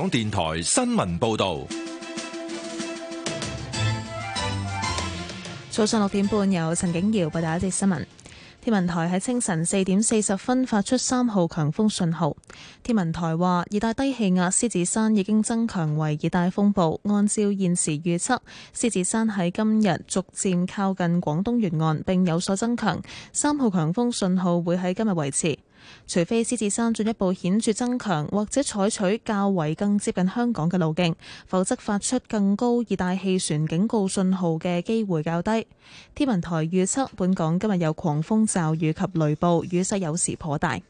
港電台新聞報道，早上六點半由陳景瑤報道一節新聞。天文台喺清晨四點四十分發出三號強風信號。天文台話，熱帶低氣壓獅子山已經增強為熱帶風暴。按照現時預測，獅子山喺今日逐漸靠近廣東沿岸，並有所增強。三號強風信號會喺今日維持。除非獅子山進一步顯著增強，或者採取較為更接近香港嘅路徑，否則發出更高熱帶氣旋警告信號嘅機會較低。天文台預測本港今日有狂風驟雨及雷暴，雨勢有時頗大。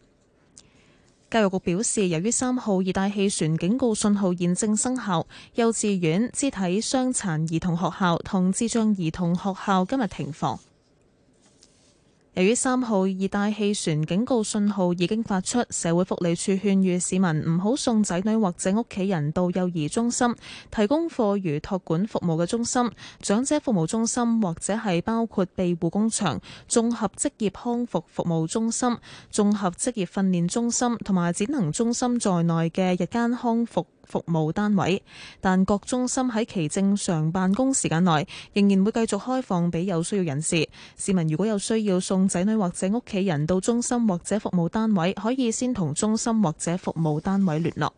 教育局表示，由於三號熱帶氣旋警告信號現正生效，幼稚園、肢體傷殘兒童學校同智障兒童學校今日停課。由於三號熱帶氣旋警告信號已經發出，社會福利處勸喻市民唔好送仔女或者屋企人到幼兒中心、提供課餘托管服務嘅中心、長者服務中心或者係包括庇護工場、綜合職業康復服，服務中心、綜合職業訓練中心同埋展能中心在內嘅日間康復服務單位，但各中心喺其正常辦公時間內，仍然會繼續開放畀有需要人士。市民如果有需要送仔女或者屋企人到中心或者服務單位，可以先同中心或者服務單位聯絡。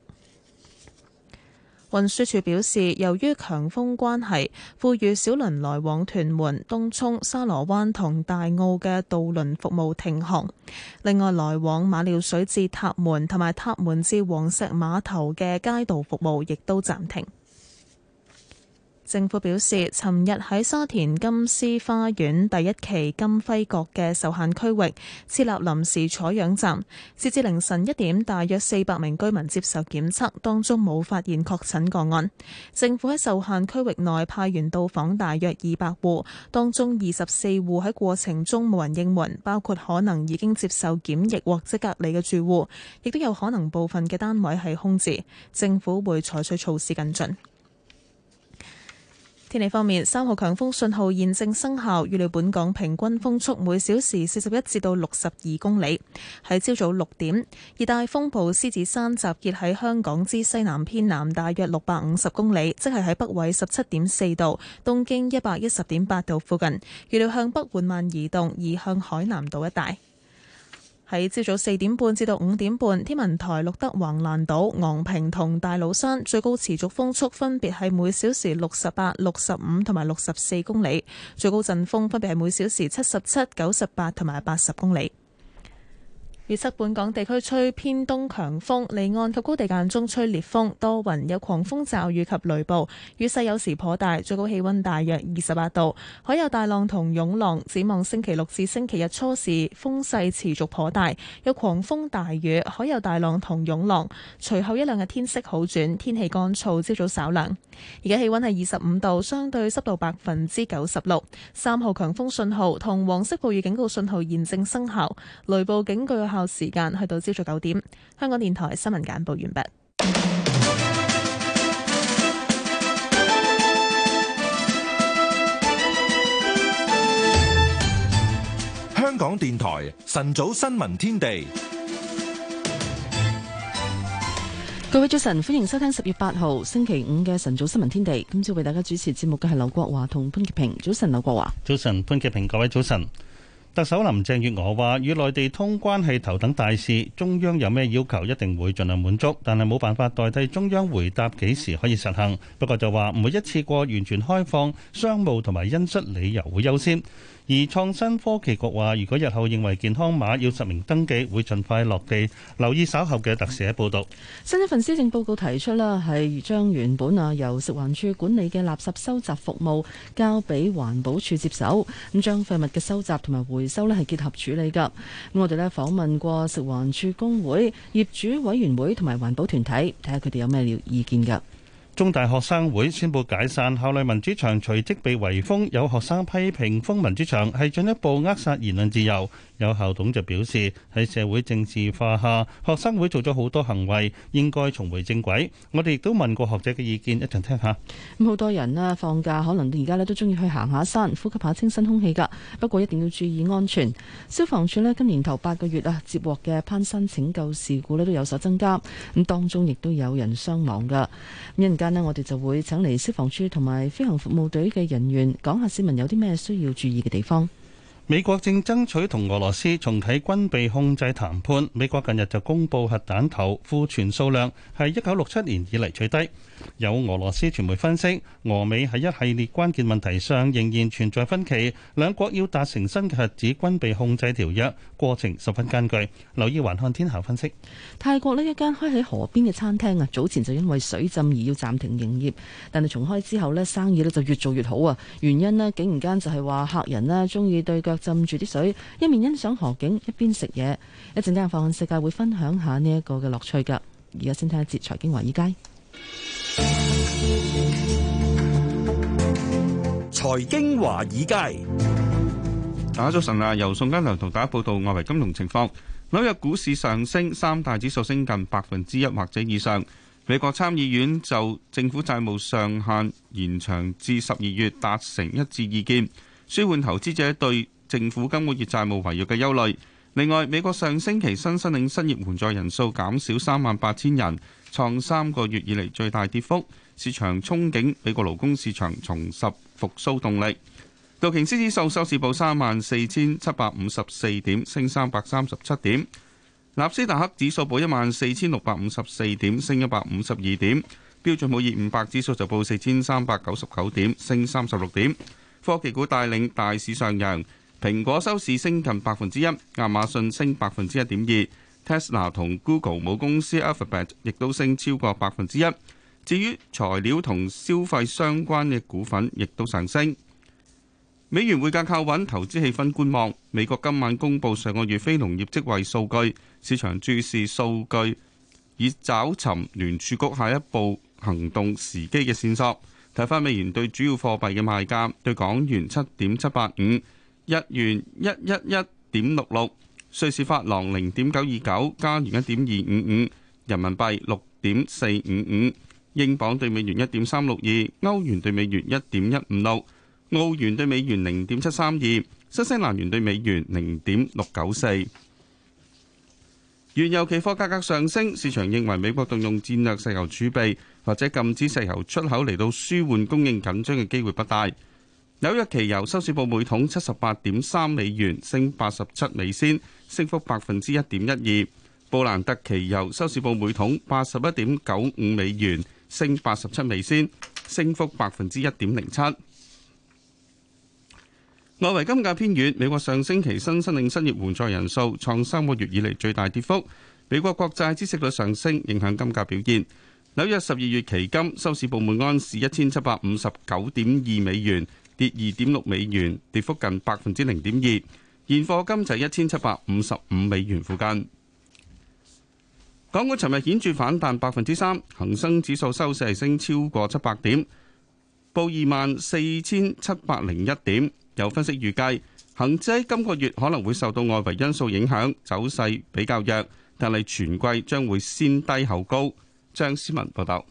運輸署表示，由於強風關係，富裕小輪來往屯門、東涌、沙螺灣同大澳嘅渡輪服務停航。另外，來往馬料水至塔門同埋塔門至黃石碼頭嘅街道服務亦都暫停。政府表示，尋日喺沙田金獅花園第一期金輝閣嘅受限區域設立臨時採樣站，截至凌晨一點，大約四百名居民接受檢測，當中冇發現確診個案。政府喺受限區域內派員到訪大約二百戶，當中二十四戶喺過程中冇人應門，包括可能已經接受檢疫或者隔離嘅住戶，亦都有可能部分嘅單位係空置。政府會採取措施跟進。天氣方面，三號強風信號現正生效，預料本港平均風速每小時四十一至到六十二公里。喺朝早六點，熱帶風暴獅子山集結喺香港之西南偏南大約六百五十公里，即係喺北緯十七點四度、東經一百一十點八度附近，預料向北緩慢移動，移向海南島一帶。喺朝早四點半至到五點半，天文台錄得橫瀾島、昂坪同大老山最高持續風速分別係每小時六十八、六十五同埋六十四公里，最高陣風分別係每小時七十七、九十八同埋八十公里。預測本港地區吹偏東強風，離岸及高地間中吹烈風，多雲，有狂風驟雨及雷暴，雨勢有時頗大，最高氣溫大約二十八度，海有大浪同湧浪。展望星期六至星期日初時，風勢持續頗大，有狂風大雨，海有大浪同湧浪。隨後一兩日天色好轉，天氣乾燥，朝早稍涼。而家氣溫係二十五度，相對濕度百分之九十六，三號強風信號同黃色暴雨警告信號現正生效，雷暴警告。香港時間去到朝早九點。香港電台新聞簡報完畢。香港電台晨早新聞天地。各位早晨，歡迎收聽十月八號星期五嘅晨早新聞天地。今朝為大家主持節目嘅係劉國華同潘潔平。早晨，劉國華。早晨，潘潔平。各位早晨。特首林鄭月娥話：與內地通關係頭等大事，中央有咩要求，一定會盡量滿足。但係冇辦法代替中央回答幾時可以實行。不過就話唔會一次過完全開放，商務同埋恩恤理由會優先。而創新科技局話，如果日後認為健康碼要實名登記，會盡快落地。留意稍後嘅特寫報導。新一份施政報告提出啦，係將原本啊由食環署管理嘅垃圾收集服務交俾環保署接手，咁將廢物嘅收集同埋回收咧係結合處理㗎。咁我哋咧訪問過食環署工會、業主委員會同埋環保團體，睇下佢哋有咩料意見㗎。中大學生會宣布解散校內民主牆，隨即被圍封。有學生批評封民主牆係進一步扼殺言論自由。有校董就表示喺社會政治化下，學生會做咗好多行為，應該重回正軌。我哋亦都問過學者嘅意見，一陣聽下。咁好多人咧放假，可能而家咧都中意去行下山，呼吸下清新空氣㗎。不過一定要注意安全。消防處咧今年頭八個月啊，接獲嘅攀山拯救事故咧都有所增加。咁當中亦都有人傷亡㗎。間呢，間我哋就會請嚟，消防處同埋飛行服務隊嘅人員講下市民有啲咩需要注意嘅地方。美國正爭取同俄羅斯重啟軍備控制談判。美國近日就公布核彈頭庫存數量係一九六七年以嚟最低。有俄羅斯傳媒分析，俄美喺一系列關鍵問題上仍然存在分歧，兩國要達成新嘅核子軍備控制條約過程十分艱巨。留意環看天下分析。泰國呢一間開喺河邊嘅餐廳啊，早前就因為水浸而要暫停營業，但係重開之後呢生意呢就越做越好啊。原因呢，竟然間就係話客人呢鍾意對腳浸住啲水，一面欣賞河景，一邊食嘢。一陣間，放眼世界會分享下呢一個嘅樂趣㗎。而家先睇一節財經華爾街。財經華爾街，打早晨啊！由宋嘉良同大家報道外圍金融情況。紐約股市上升，三大指數升近百分之一或者以上。美國參議院就政府債務上限延長至十二月達成一致意見，舒緩投資者對政府今個月債務違約嘅憂慮。另外，美國上星期新申領失業援助人數減少三萬八千人。創三個月以嚟最大跌幅，市場憧憬美國勞工市場重拾復甦動力。道瓊斯指數收市報三萬四千七百五十四點，升三百三十七點。納斯達克指數報一萬四千六百五十四點，升一百五十二點。標準普爾500指數就報四千三百九十九點，升三十六點。科技股帶領大市上揚，蘋果收市升近百分之一，亞馬遜升百分之一點二。Tesla 同 Google 母公司 Alphabet 亦都升超過百分之一。至於材料同消費相關嘅股份，亦都上升。美元匯價靠穩，投資氣氛觀望。美國今晚公布上個月非農業職位數據，市場注視數據以找尋聯儲局下一步行動時機嘅線索。睇返美元對主要貨幣嘅賣價，對港元七點七八五，日元一一一點六六。瑞士法郎零點九二九，加元一點二五五，人民幣六點四五五，英鎊兌美元一點三六二，歐元兌美元一點一五六，澳元兌美元零點七三二，新西蘭元兌美元零點六九四。原油期貨價格上升，市場認為美國動用戰略石油儲備或者禁止石油出口嚟到舒緩供應緊張嘅機會不大。紐約期油收市報每桶七十八點三美元，升八十七美仙。升幅百分之一點一二。布蘭特期油收市報每桶八十一點九五美元，升八十七美仙，升幅百分之一點零七。外圍金價偏軟，美國上星期新申領失業援助人數創三個月以嚟最大跌幅。美國國債孳息率上升影響金價表現。紐約十二月期金收市報每安士一千七百五十九點二美元，跌二點六美元，跌幅近百分之零點二。現貨金就一千七百五十五美元附近。港股尋日顯著反彈百分之三，恒生指數收市升超過七百點，報二萬四千七百零一點。有分析預計，恒指喺今個月可能會受到外圍因素影響，走勢比較弱，但係全季將會先低後高。張思文報道。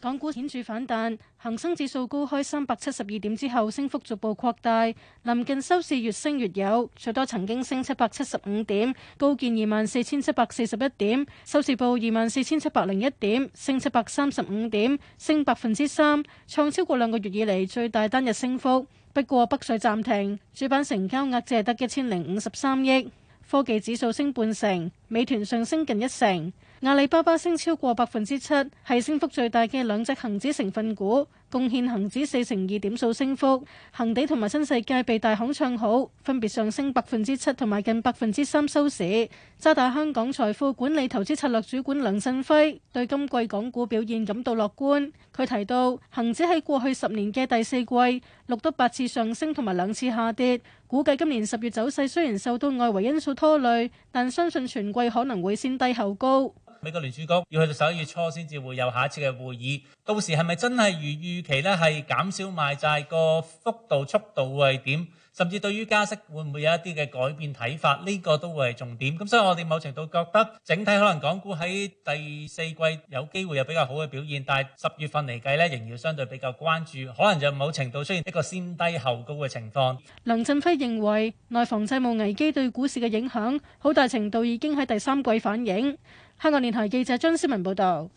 港股顯著反彈，恆生指數高開三百七十二點之後，升幅逐步擴大，臨近收市越升越有，最多曾經升七百七十五點，高見二萬四千七百四十一點，收市報二萬四千七百零一點，升七百三十五點，升百分之三，創超過兩個月以嚟最大單日升幅。不過北水暫停，主板成交額只係得一千零五十三億。科技指數升半成，美團上升近一成。阿里巴巴升超過百分之七，係升幅最大嘅兩隻恆指成分股。貢獻恒指四成二點數升幅，恒地同埋新世界被大行唱好，分別上升百分之七同埋近百分之三收市。渣打香港財富管理投資策略主管梁振輝對今季港股表現感到樂觀。佢提到，恒指喺過去十年嘅第四季錄得八次上升同埋兩次下跌，估計今年十月走勢雖然受到外圍因素拖累，但相信全季可能會先低後高。美國聯儲局要去到十一月初先至會有下一次嘅會議，到時係咪真係如預期咧？係減少賣債個幅度、速度會係點？甚至對於加息會唔會有一啲嘅改變睇法？呢個都會係重點。咁所以我哋某程度覺得整體可能港股喺第四季有機會有比較好嘅表現，但係十月份嚟計咧，仍然相對比較關注，可能就某程度出現一個先低後高嘅情況。梁振輝認為內房債務危機對股市嘅影響好大程度已經喺第三季反映。香港電台記者張思文報道，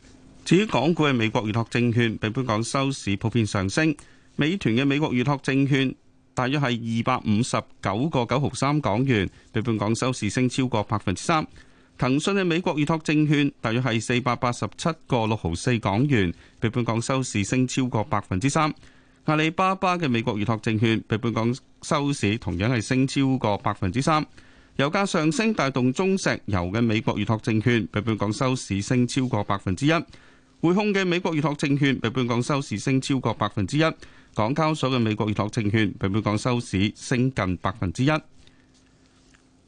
至於港股嘅美國預託證券，比本港收市普遍上升。美團嘅美國預託證券大約係二百五十九個九毫三港元，比本港收市升超過百分之三。騰訊嘅美國預託證券大約係四百八十七個六毫四港元，比本港收市升超過百分之三。阿里巴巴嘅美國預託證券比本港收市同樣係升超過百分之三。油價上升帶動中石油嘅美國預託證券比本港收市升超過百分之一，匯控嘅美國預託證券比本港收市升超過百分之一，港交所嘅美國預託證券比本港收市升近百分之一。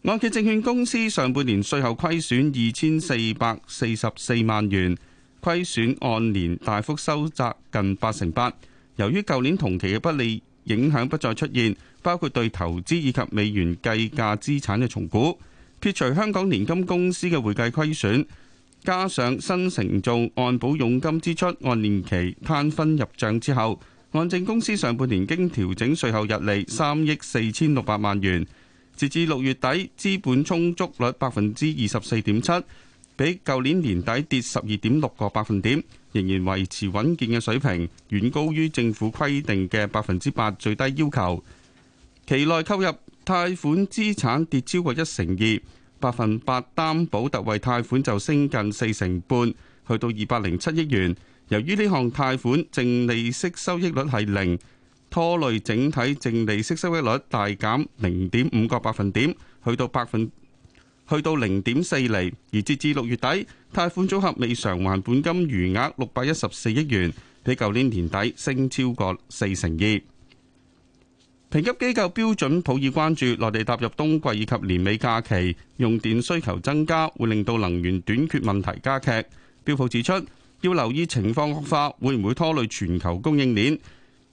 按揭證券公司上半年稅後虧損二千四百四十四萬元，虧損按年大幅收窄近八成八，由於舊年同期嘅不利影響不再出現。包括對投資以及美元計價資產嘅重估，撇除香港年金公司嘅會計虧損，加上新承做按保佣金支出按年期攤分入帳之後，按證公司上半年經調整稅後溢利三億四千六百萬元。截至六月底，資本充足率百分之二十四點七，比舊年年底跌十二點六個百分點，仍然維持穩健嘅水平，遠高於政府規定嘅百分之八最低要求。期內購入貸款資產跌超過一成二，百分百擔保特惠貸款就升近四成半，去到二百零七億元。由於呢項貸款淨利息收益率係零，拖累整體淨利息收益率大減零點五個百分點，去到百分去到零點四厘。而截至六月底，貸款組合未償還本金餘額六百一十四億元，比舊年年底升超過四成二。評級機構標準普爾關注內地踏入冬季以及年尾假期，用電需求增加會令到能源短缺問題加劇。標普指出，要留意情況惡化會唔會拖累全球供應鏈，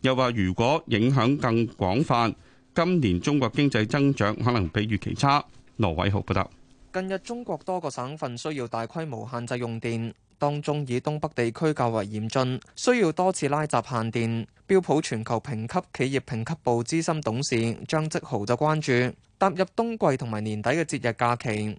又話如果影響更廣泛，今年中國經濟增長可能比預期差。羅偉豪報道，近日中國多個省份需要大規模限制用電。當中以東北地區較為嚴峻，需要多次拉閘限電。標普全球評級企業評級部資深董事張積豪就關注，踏入冬季同埋年底嘅節日假期，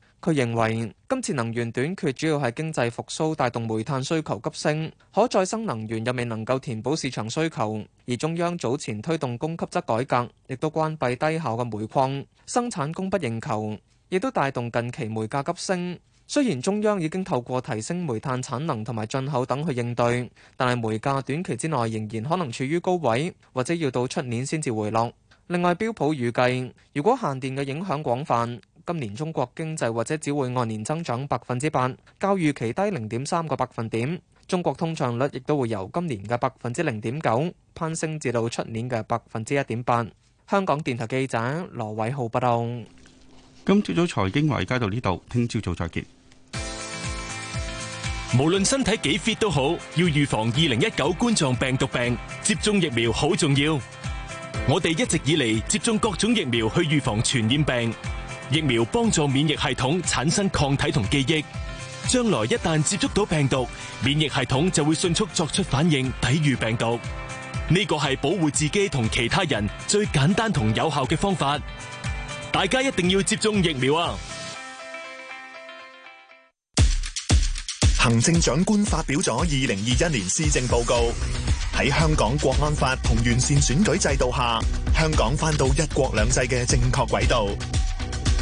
佢認為今次能源短缺主要係經濟復甦帶動煤炭需求急升，可再生能源又未能夠填補市場需求。而中央早前推動供給側改革，亦都關閉低效嘅煤礦生產，供不應求，亦都帶動近期煤價急升。雖然中央已經透過提升煤炭產能同埋進口等去應對，但係煤價短期之內仍然可能處於高位，或者要到出年先至回落。另外，標普預計如果限電嘅影響廣泛。今年中國經濟或者只會按年增長百分之八，較預期低零點三個百分點。中國通脹率亦都會由今年嘅百分之零點九攀升至到出年嘅百分之一點八。香港電台記者羅偉浩報道。今朝早財經圍街到呢度，聽朝早再見。無論身體幾 fit 都好，要預防二零一九冠狀病毒病，接種疫苗好重要。我哋一直以嚟接種各種疫苗去預防傳染病。疫苗幫助免疫系統產生抗體同記憶，將來一旦接觸到病毒，免疫系統就會迅速作出反應抵禦病毒。呢個係保護自己同其他人最簡單同有效嘅方法。大家一定要接種疫苗啊！行政長官發表咗二零二一年施政報告，喺香港國安法同完善選舉制度下，香港返到一國兩制嘅正確軌道。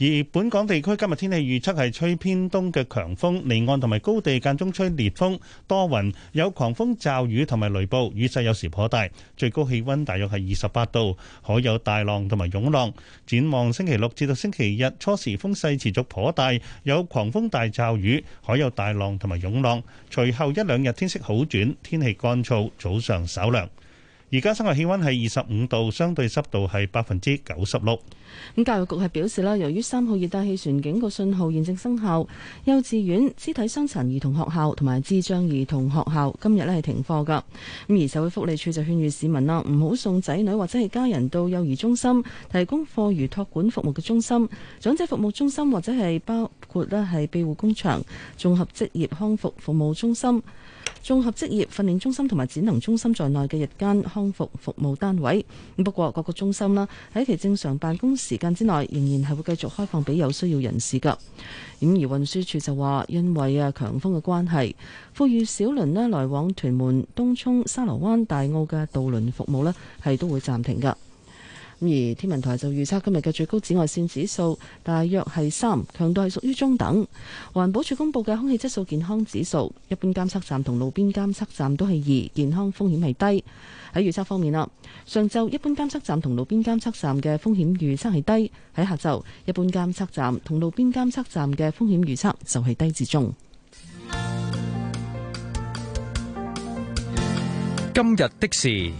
而本港地區今日天，天氣預測係吹偏東嘅強風，離岸同埋高地間中吹烈風，多雲，有狂風驟雨同埋雷暴，雨勢有時頗大，最高氣温大約係二十八度，海有大浪同埋湧浪。展望星期六至到星期日初時風勢持續頗大，有狂風大驟雨，海有大浪同埋湧浪。隨後一兩日天色好轉，天氣乾燥，早上稍涼。而家室外氣溫係二十五度，相對濕度係百分之九十六。咁教育局係表示啦，由於三號熱帶氣旋警告信號現正生效，幼稚園肢體傷殘兒童學校同埋智障兒童學校今日咧係停課噶。咁而社會福利署就勸喻市民啦，唔好送仔女或者係家人到幼兒中心、提供課餘托管服務嘅中心、長者服務中心或者係包括咧係庇護工場綜合職業康復服，服務中心，綜合職業訓練中心同埋展能中心在內嘅日間康復服務單位，不過各個中心啦，喺其正常辦公時間之內，仍然係會繼續開放俾有需要人士噶咁而運輸署就話，因為啊強風嘅關係，富裕小輪咧來往屯門、東涌、沙螺灣、大澳嘅渡輪服務呢，係都會暫停噶而天文台就預測今日嘅最高紫外線指數大約係三，強度係屬於中等。環保署公布嘅空氣質素健康指數，一般監測站同路邊監測站都係二，健康風險係低。喺預測方面啦，上晝一般監測站同路邊監測站嘅風險預測係低，喺下晝一般監測站同路邊監測站嘅風險預測就係低至中。今日的事。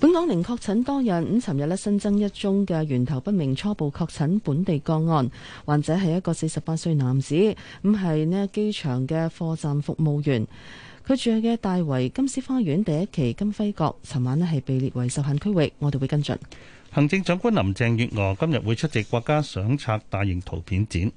本港零確診多日，咁尋日咧新增一宗嘅源頭不明初步確診本地個案，患者係一個四十八歲男子，唔係呢機場嘅貨站服務員，佢住喺嘅大圍金獅花園第一期金輝閣，尋晚咧係被列為受限區域，我哋會跟進。行政長官林鄭月娥今日會出席國家相冊大型圖片展。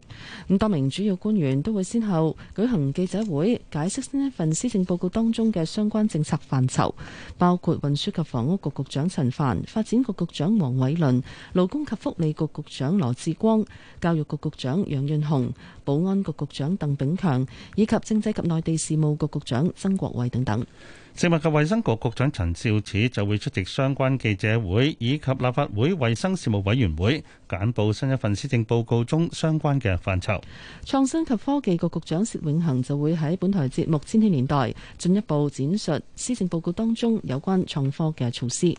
咁多名主要官員都會先後舉行記者會，解釋新一份施政報告當中嘅相關政策範疇，包括運輸及房屋局局、局長陳帆、發展局局長黃偉綸、勞工及福利局局長羅志光、教育局局長楊潤雄、保安局局長鄧炳強以及政制及內地事務局局、局長曾國衛等等。食物及衞生局局長陳肇始就會出席相關記者會，以及立法會衞生事務委員會簡報新一份施政報告中相關嘅範疇。創新及科技局局長薛永恒就會喺本台節目《千禧年代》進一步展述施政報告當中有關創科嘅措施。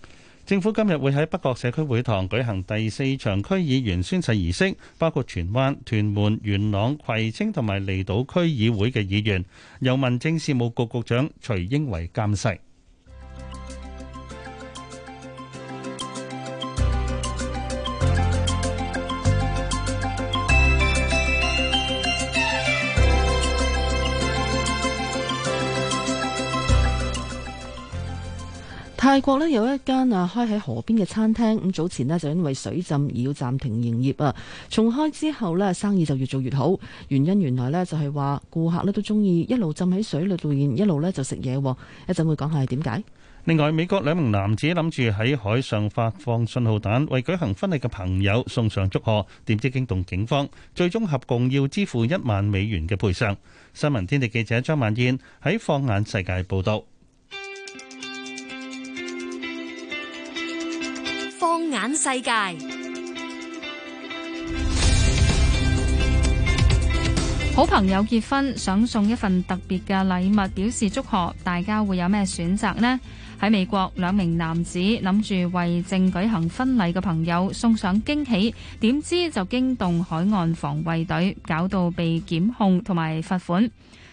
政府今日會喺北角社區會堂舉行第四場區議員宣誓儀式，包括荃灣、屯門、元朗、葵青同埋離島區議會嘅議員，由民政事務局局長徐英偉監誓。泰國咧有一間啊開喺河邊嘅餐廳，咁早前咧就因為水浸而要暫停營業啊，重開之後咧生意就越做越好，原因原來咧就係話顧客咧都中意一路浸喺水裏度，然一路咧就食嘢，一陣會講下係點解。另外，美國兩名男子諗住喺海上發放信號彈，為舉行婚禮嘅朋友送上祝賀，點知驚動警方，最終合共要支付一萬美元嘅賠償。新聞天地記者張曼燕喺放眼世界報道。放眼世界，好朋友結婚想送一份特別嘅禮物表示祝賀，大家會有咩選擇呢？喺美國，兩名男子諗住為正舉行婚禮嘅朋友送上驚喜，點知就驚動海岸防衛隊，搞到被檢控同埋罰款。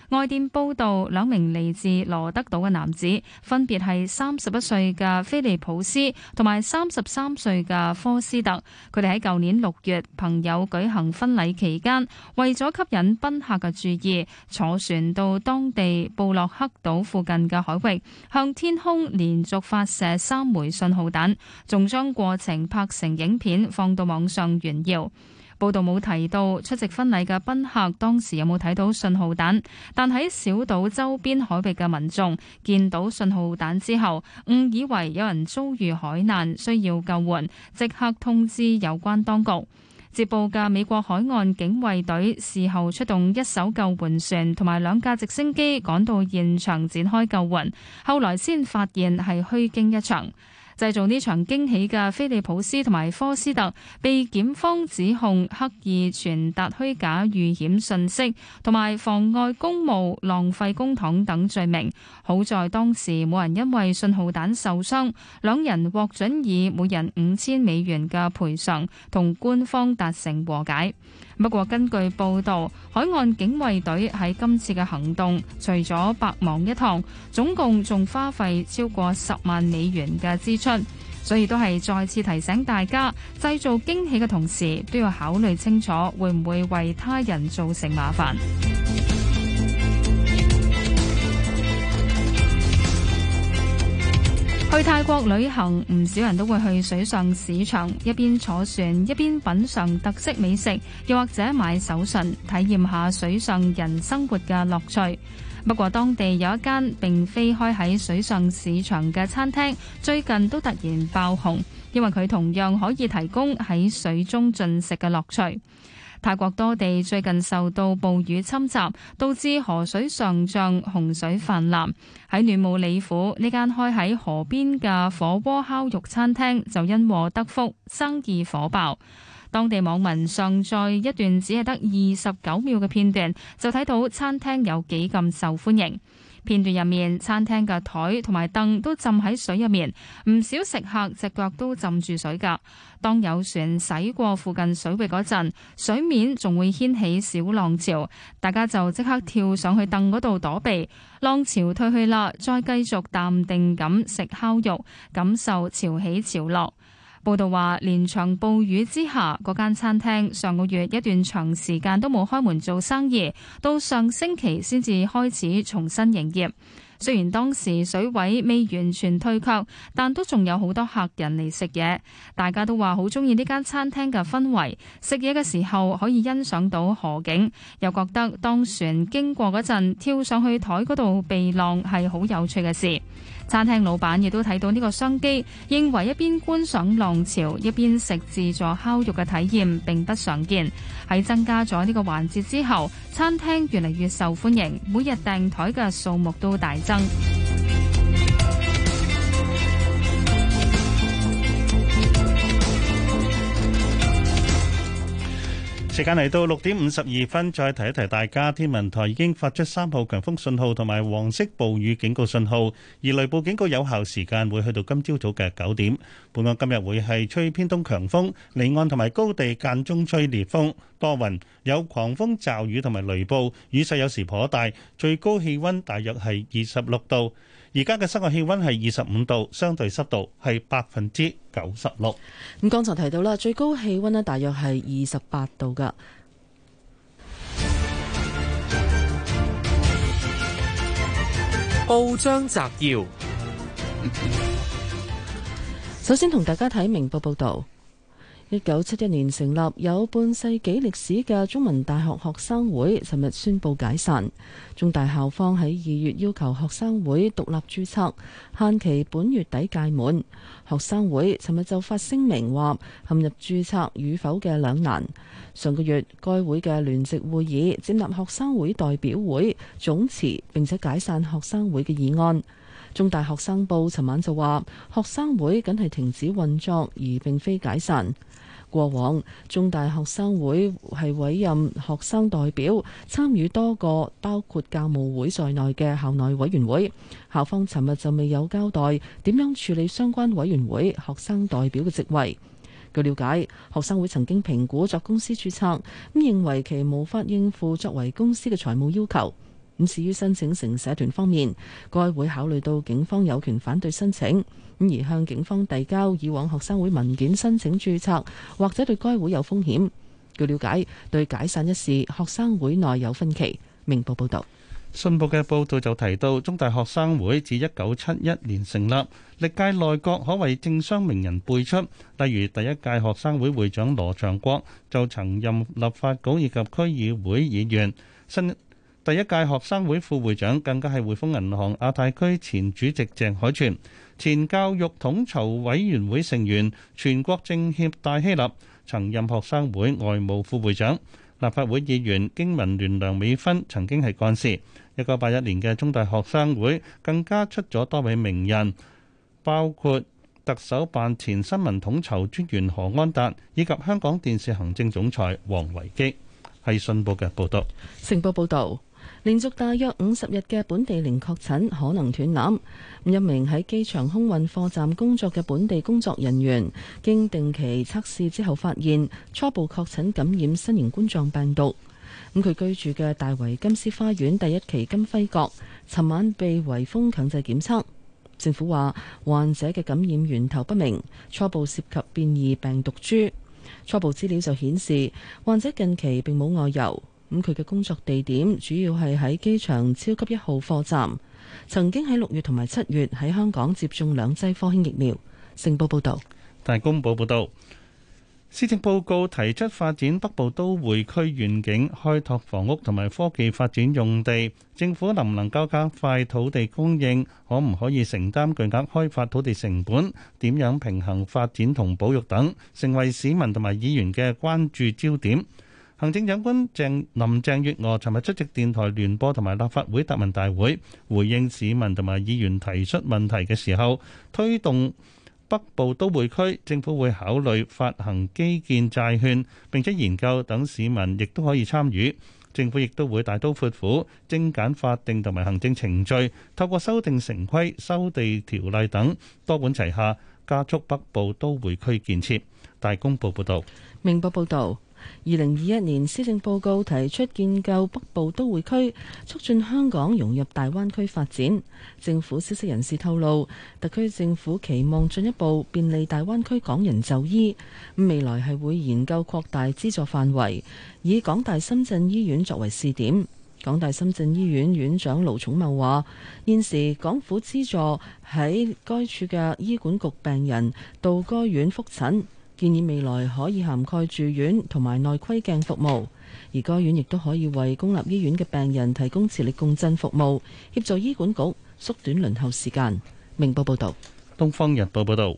外電報道，兩名嚟自羅德島嘅男子，分別係三十一歲嘅菲利普斯同埋三十三歲嘅科斯特。佢哋喺舊年六月，朋友舉行婚禮期間，為咗吸引賓客嘅注意，坐船到當地布洛克島附近嘅海域，向天空連續發射三枚信號彈，仲將過程拍成影片放到網上炫耀。報道冇提到出席婚禮嘅賓客當時有冇睇到信號彈，但喺小島周邊海域嘅民眾見到信號彈之後，誤以為有人遭遇海難需要救援，即刻通知有關當局。接報嘅美國海岸警衛隊事後出動一艘救援船同埋兩架直升機趕到現場展開救援，後來先發現係虛驚一場。製造呢場驚喜嘅菲利普斯同埋科斯特被檢方指控刻意傳達虛假遇險信息，同埋妨礙公務、浪費公帑等罪名。好在當時冇人因為信號彈受傷，兩人獲准以每人五千美元嘅賠償同官方達成和解。不過根據報道，海岸警衛隊喺今次嘅行動，除咗白忙一趟，總共仲花費超過十萬美元嘅支出，所以都係再次提醒大家，製造驚喜嘅同時，都要考慮清楚會唔會為他人造成麻煩。去泰國旅行，唔少人都會去水上市場，一邊坐船，一邊品嘗特色美食，又或者買手信，體驗下水上人生活嘅樂趣。不過，當地有一間並非開喺水上市場嘅餐廳，最近都突然爆紅，因為佢同樣可以提供喺水中進食嘅樂趣。泰國多地最近受到暴雨侵襲，導致河水上漲、洪水泛濫。喺暖武里府呢間開喺河邊嘅火鍋烤肉餐廳就因禍得福，生意火爆。當地網民上載一段只係得二十九秒嘅片段，就睇到餐廳有幾咁受歡迎。片段入面，餐廳嘅台同埋凳都浸喺水入面，唔少食客隻腳都浸住水噶。當有船駛過附近水域嗰陣，水面仲會掀起小浪潮，大家就即刻跳上去凳嗰度躲避。浪潮退去啦，再繼續淡定咁食烤肉，感受潮起潮落。報道話，連場暴雨之下，嗰間餐廳上個月一段長時間都冇開門做生意，到上星期先至開始重新營業。雖然當時水位未完全退卻，但都仲有好多客人嚟食嘢。大家都話好鍾意呢間餐廳嘅氛圍，食嘢嘅時候可以欣賞到河景，又覺得當船經過嗰陣跳上去枱嗰度避浪係好有趣嘅事。餐廳老闆亦都睇到呢個商機，認為一邊觀賞浪潮，一邊食自助烤肉嘅體驗並不常見。喺增加咗呢個環節之後，餐廳越嚟越受歡迎，每日訂枱嘅數目都大增。時間嚟到六點五十二分，再提一提大家，天文台已經發出三號強風信號同埋黃色暴雨警告信號，而雷暴警告有效時間會去到今朝早嘅九點。本港今日會係吹偏東強風，離岸同埋高地間中吹烈風，多雲，有狂風驟雨同埋雷暴，雨勢有時頗大，最高氣温大約係二十六度。而家嘅室外氣溫係二十五度，相對濕度係百分之九十六。咁剛才提到啦，最高氣溫呢大約係二十八度噶。報章摘要：首先同大家睇明報報道。一九七一年成立有半世紀歷史嘅中文大學學生會，尋日宣布解散。中大校方喺二月要求學生會獨立註冊，限期本月底屆滿。學生會尋日就發聲明話陷入註冊與否嘅兩難。上個月該會嘅聯席會議接納學生會代表會總辭，並且解散學生會嘅議案。中大學生報尋晚就話學生會僅係停止運作，而並非解散。過往中大學生會係委任學生代表參與多個包括教務會在內嘅校內委員會，校方尋日就未有交代點樣處理相關委員會學生代表嘅職位。據了解，學生會曾經評估作公司註冊，咁認為其無法應付作為公司嘅財務要求。咁至於申請成社團方面，該會考慮到警方有權反對申請。咁而向警方遞交以往學生會文件申請註冊，或者對該會有風險。據瞭解，對解散一事，學生會內有分歧。明報報導，信報嘅報導就提到，中大學生會自一九七一年成立，歷屆內閣可謂政商名人輩出，例如第一屆學生會會長羅祥國就曾任立法局以及區議會議員，新第一屆學生會副會長更加係匯豐銀行亞太區前主席鄭海泉。前教育統籌委員會成員、全國政協戴希立，曾任學生會外務副會長；立法會議員經民聯梁美芬曾經係幹事。一九八一年嘅中大學生會更加出咗多位名人，包括特首辦前新聞統籌專員何安達以及香港電視行政總裁王維基。係信報嘅報道，成報報道。連續大約五十日嘅本地零確診可能斷纜。一名喺機場空運貨站工作嘅本地工作人員，經定期測試之後發現初步確診感染新型冠狀病毒。咁佢居住嘅大圍金獅花園第一期金輝閣，尋晚被圍封強制檢測。政府話患者嘅感染源頭不明，初步涉及變異病毒株。初步資料就顯示患者近期並冇外遊。咁佢嘅工作地點主要係喺機場超級一號貨站，曾經喺六月同埋七月喺香港接種兩劑科興疫苗。成報報道，大公報報道，施政報告提出發展北部都會區願景，開拓房屋同埋科技發展用地。政府能唔能夠加快土地供應，可唔可以承擔巨額開發土地成本？點樣平衡發展同保育等，成為市民同埋議員嘅關注焦點。行政長官鄭林鄭月娥尋日出席電台聯播同埋立法會答問大會，回應市民同埋議員提出問題嘅時候，推動北部都會區，政府會考慮發行基建債券，並且研究等市民亦都可以參與。政府亦都會大刀闊斧精簡法定同埋行政程序，透過修訂城規、收地條例等多管齊下，加速北部都會區建設。大公報報道。明報報導。二零二一年施政報告提出建構北部都會區，促進香港融入大灣區發展。政府消息人士透露，特區政府期望進一步便利大灣區港人就醫，未來係會研究擴大資助範圍，以港大深圳醫院作為試點。港大深圳醫院院長盧寵茂話：現時港府資助喺該處嘅醫管局病人到該院覆診。建議未來可以涵蓋住院同埋內窺鏡服務，而該院亦都可以為公立醫院嘅病人提供磁力共振服務，協助醫管局縮短輪候時間。明報報道，《東方日報》報道，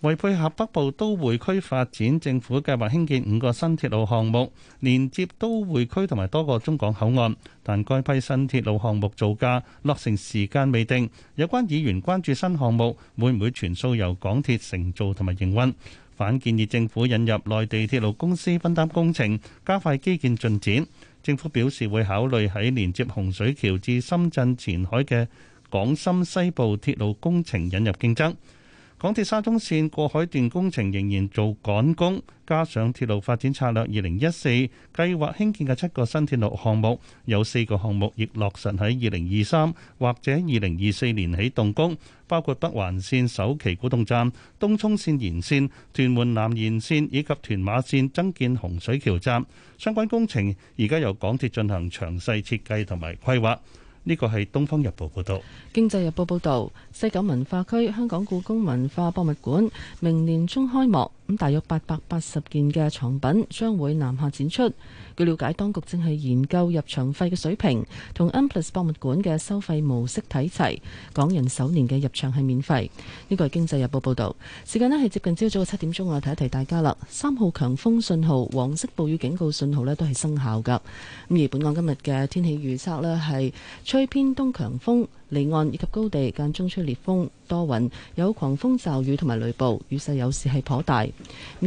為配合北部都會區發展，政府計劃興建五個新鐵路項目，連接都會區同埋多個中港口岸。但該批新鐵路項目造價落成時間未定，有關議員關注新項目會唔會全數由港鐵承造同埋營運。反建議政府引入內地鐵路公司分擔工程，加快基建進展。政府表示會考慮喺連接洪水橋至深圳前海嘅港深西部鐵路工程引入競爭。港鐵沙中線過海段工程仍然做趕工，加上鐵路發展策略二零一四計劃興建嘅七個新鐵路項目，有四個項目亦落實喺二零二三或者二零二四年起動工，包括北環線首期古洞站、東涌線延線、屯門南延線以及屯馬線增建洪水橋站，相關工程而家由港鐵進行詳細設計同埋規劃。呢個係東方日報報道，經濟日報報道，西九文化區香港故宮文化博物館明年中開幕。大約八百八十件嘅藏品將會南下展出。據了解，當局正係研究入場費嘅水平，同 M+ 博物館嘅收費模式睇齊。港人首年嘅入場係免費。呢個係《經濟日報》報道。時間咧係接近朝早嘅七點鐘啊，我提一提大家啦。三號強風信號、黃色暴雨警告信號咧都係生效噶。咁而本港今日嘅天氣預測呢，係吹偏東強風。離岸以及高地間中出烈風，多雲，有狂風驟雨同埋雷暴，雨勢有時係頗大。咁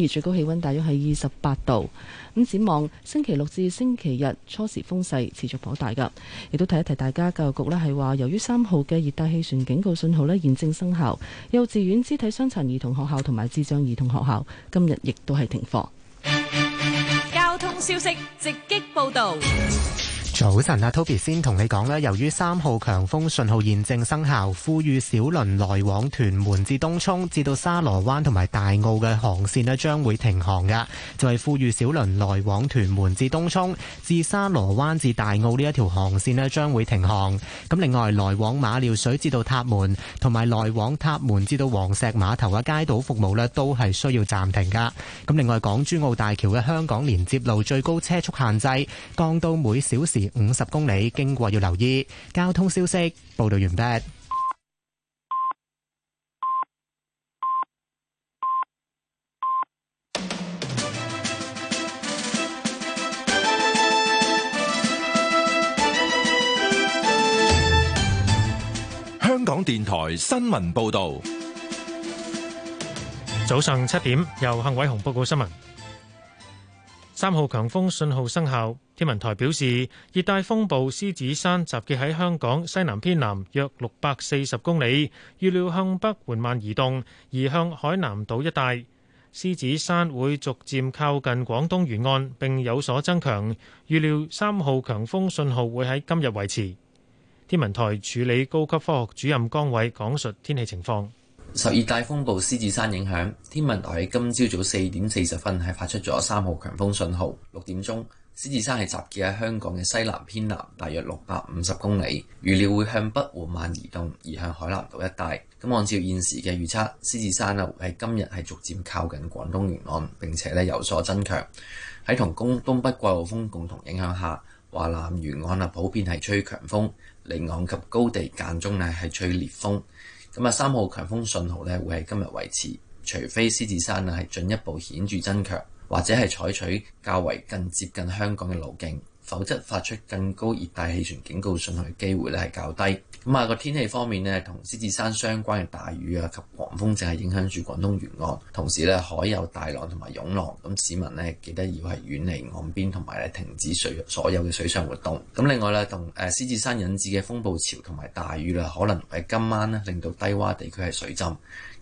而最高氣溫大約係二十八度。咁展望星期六至星期日初時風勢持續頗大噶，亦都提一提大家，教育局呢係話，由於三號嘅熱帶氣旋警告信號呢現正生效，幼稚園、肢體傷殘兒童學校同埋智障兒童學校今日亦都係停課。交通消息直擊報道。早晨，阿 Toby 先同你講咧，由於三號強風信號現正生效，富裕小輪來往屯門至東涌至到沙螺灣同埋大澳嘅航線咧將會停航噶，就係富裕小輪來往屯門至東涌至沙螺灣至大澳呢一條航線咧將會停航。咁另外，來往馬料水至到塔門同埋來往塔門至到黃石碼頭嘅街渡服務咧都係需要暫停噶，咁另外，港珠澳大橋嘅香港連接路最高車速限制降到每小時。五十公里經過，要留意交通消息，報道完畢。香港電台新聞報道，早上七點由幸偉雄報告新聞。三號強風信號生效，天文台表示熱帶風暴獅子山集結喺香港西南偏南約六百四十公里，預料向北緩慢移動，移向海南島一帶。獅子山會逐漸靠近廣東沿岸並有所增強，預料三號強風信號會喺今日維持。天文台處理高級科學主任江偉講述天氣情況。受熱帶風暴獅子山影響，天文台喺今朝早四點四十分係發出咗三號強風信號。六點鐘，獅子山係集結喺香港嘅西南偏南，大約六百五十公里，預料會向北緩慢移動，移向海南島一帶。咁按照現時嘅預測，獅子山啊喺今日係逐漸靠近廣東沿岸，並且咧有所增強。喺同東北季候風共同影響下，華南沿岸啊普遍係吹強風，離岸及高地間中咧係吹烈風。咁啊，三號強風信號咧會喺今日維持，除非獅子山啊係進一步顯著增強，或者係採取較為更接近香港嘅路徑，否則發出更高熱帶氣旋警告信號嘅機會咧係較低。咁啊，個天氣方面呢，同獅子山相關嘅大雨啊及狂風，淨係影響住廣東沿岸。同時呢，海有大浪同埋湧浪，咁市民呢記得要係遠離岸邊，同埋咧停止水所有嘅水上活動。咁另外呢，同誒獅子山引致嘅風暴潮同埋大雨啦，可能喺今晚呢令到低窪地區係水浸，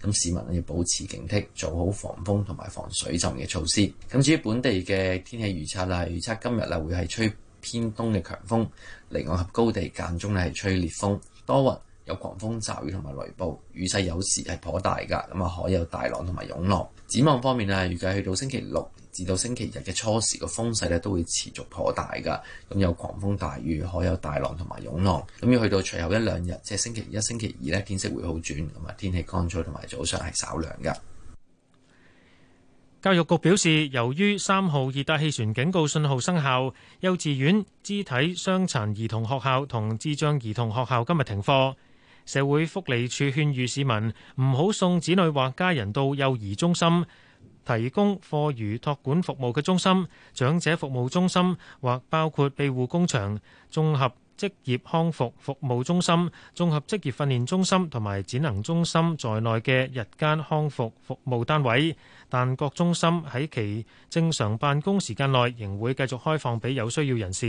咁市民咧要保持警惕，做好防風同埋防水浸嘅措施。咁至於本地嘅天氣預測啊，預測今日啊會係吹偏東嘅強風，離岸及高地間中咧係吹烈風。多雲，有狂風驟雨同埋雷暴，雨勢有時係頗大噶，咁啊海有大浪同埋湧浪。展望方面啊，預計去到星期六至到星期日嘅初時，個風勢咧都會持續頗大噶，咁有狂風大雨，海有大浪同埋湧浪。咁要去到隨後一兩日，即係星期一、星期二咧，天色會好轉，咁啊天氣乾燥同埋早上係稍涼噶。教育局表示，由於三號熱帶氣旋警告信號生效，幼稚園、肢體傷殘兒童學校同智障兒童學校今日停課。社會福利署勸喻，喻市民唔好送子女或家人到幼兒中心、提供課餘託管服務嘅中心、長者服務中心或包括庇護工場、綜合職業康復服，服務中心、綜合職業訓練中心同埋展能中心在內嘅日間康復服務單位。但各中心喺其正常辦公時間內仍會繼續開放俾有需要人士。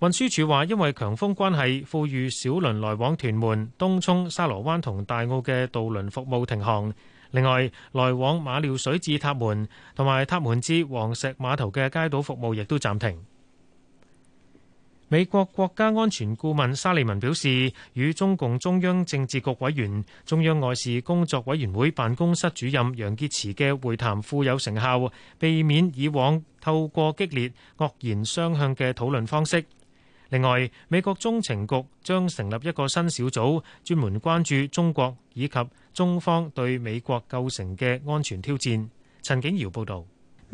運輸署話，因為強風關係，富裕小輪來往屯門東涌沙螺灣同大澳嘅渡輪服務停航。另外，來往馬料水至塔門同埋塔門至黃石碼頭嘅街道服務亦都暫停。美國國家安全顧問沙利文表示，與中共中央政治局委員、中央外事工作委員會辦公室主任楊潔篪嘅會談富有成效，避免以往透過激烈惡言相向嘅討論方式。另外，美國中情局將成立一個新小組，專門關注中國以及中方對美國構成嘅安全挑戰。陳景堯報道。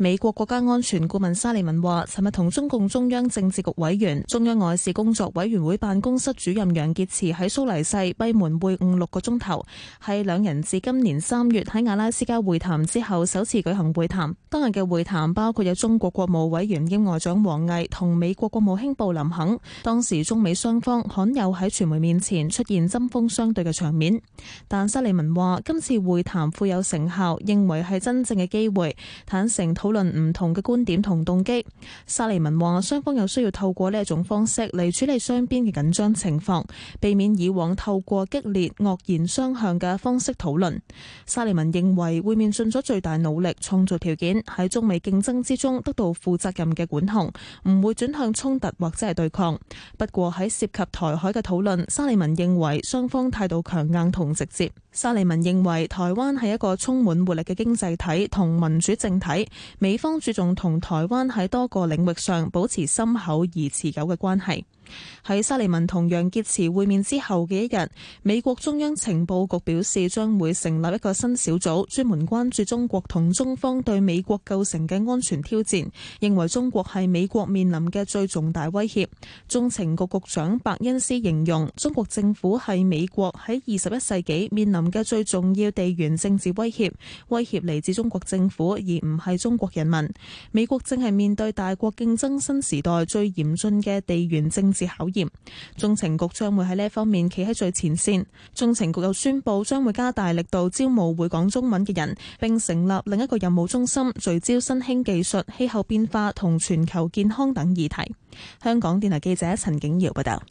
美國國家安全顧問沙利文話尋日同中共中央政治局委員、中央外事工作委員會辦公室主任楊潔篪喺蘇黎世閉門會五六個鐘頭，係兩人自今年三月喺阿拉斯加會談之後首次舉行會談，當日嘅會談包括有中國國務委員兼外長王毅同美國國務卿布林肯。當時中美雙方罕有喺傳媒面前出現針鋒相對嘅場面，但沙利文話今次會談富有成效，認為係真正嘅機會坦誠討論唔同嘅觀點同動機。沙利文話，雙方有需要透過呢一種方式嚟處理雙邊嘅緊張情況，避免以往透過激烈惡言相向嘅方式討論。沙利文認為會面盡咗最大努力創造條件，喺中美競爭之中得到負責任嘅管控，唔會轉向衝突或者係對抗。不過喺涉及台海嘅討論，沙利文認為雙方態度強硬同直接。沙利文認為，台灣係一個充滿活力嘅經濟體同民主政體，美方注重同台灣喺多個領域上保持深厚而持久嘅關係。喺沙利文同楊潔篪會面之後嘅一日，美國中央情報局表示將會成立一個新小組，專門關注中國同中方對美國構成嘅安全挑戰，認為中國係美國面臨嘅最重大威脅。中情局局長伯恩斯形容，中國政府係美國喺二十一世紀面臨嘅最重要地緣政治威脅，威脅嚟自中國政府而唔係中國人民。美國正係面對大國競爭新時代最嚴峻嘅地緣政治。是考驗，中情局將會喺呢一方面企喺最前線。中情局又宣佈將會加大力度招募會講中文嘅人，並成立另一個任務中心，聚焦新興技術、氣候變化同全球健康等議題。香港電台記者陳景堯報道。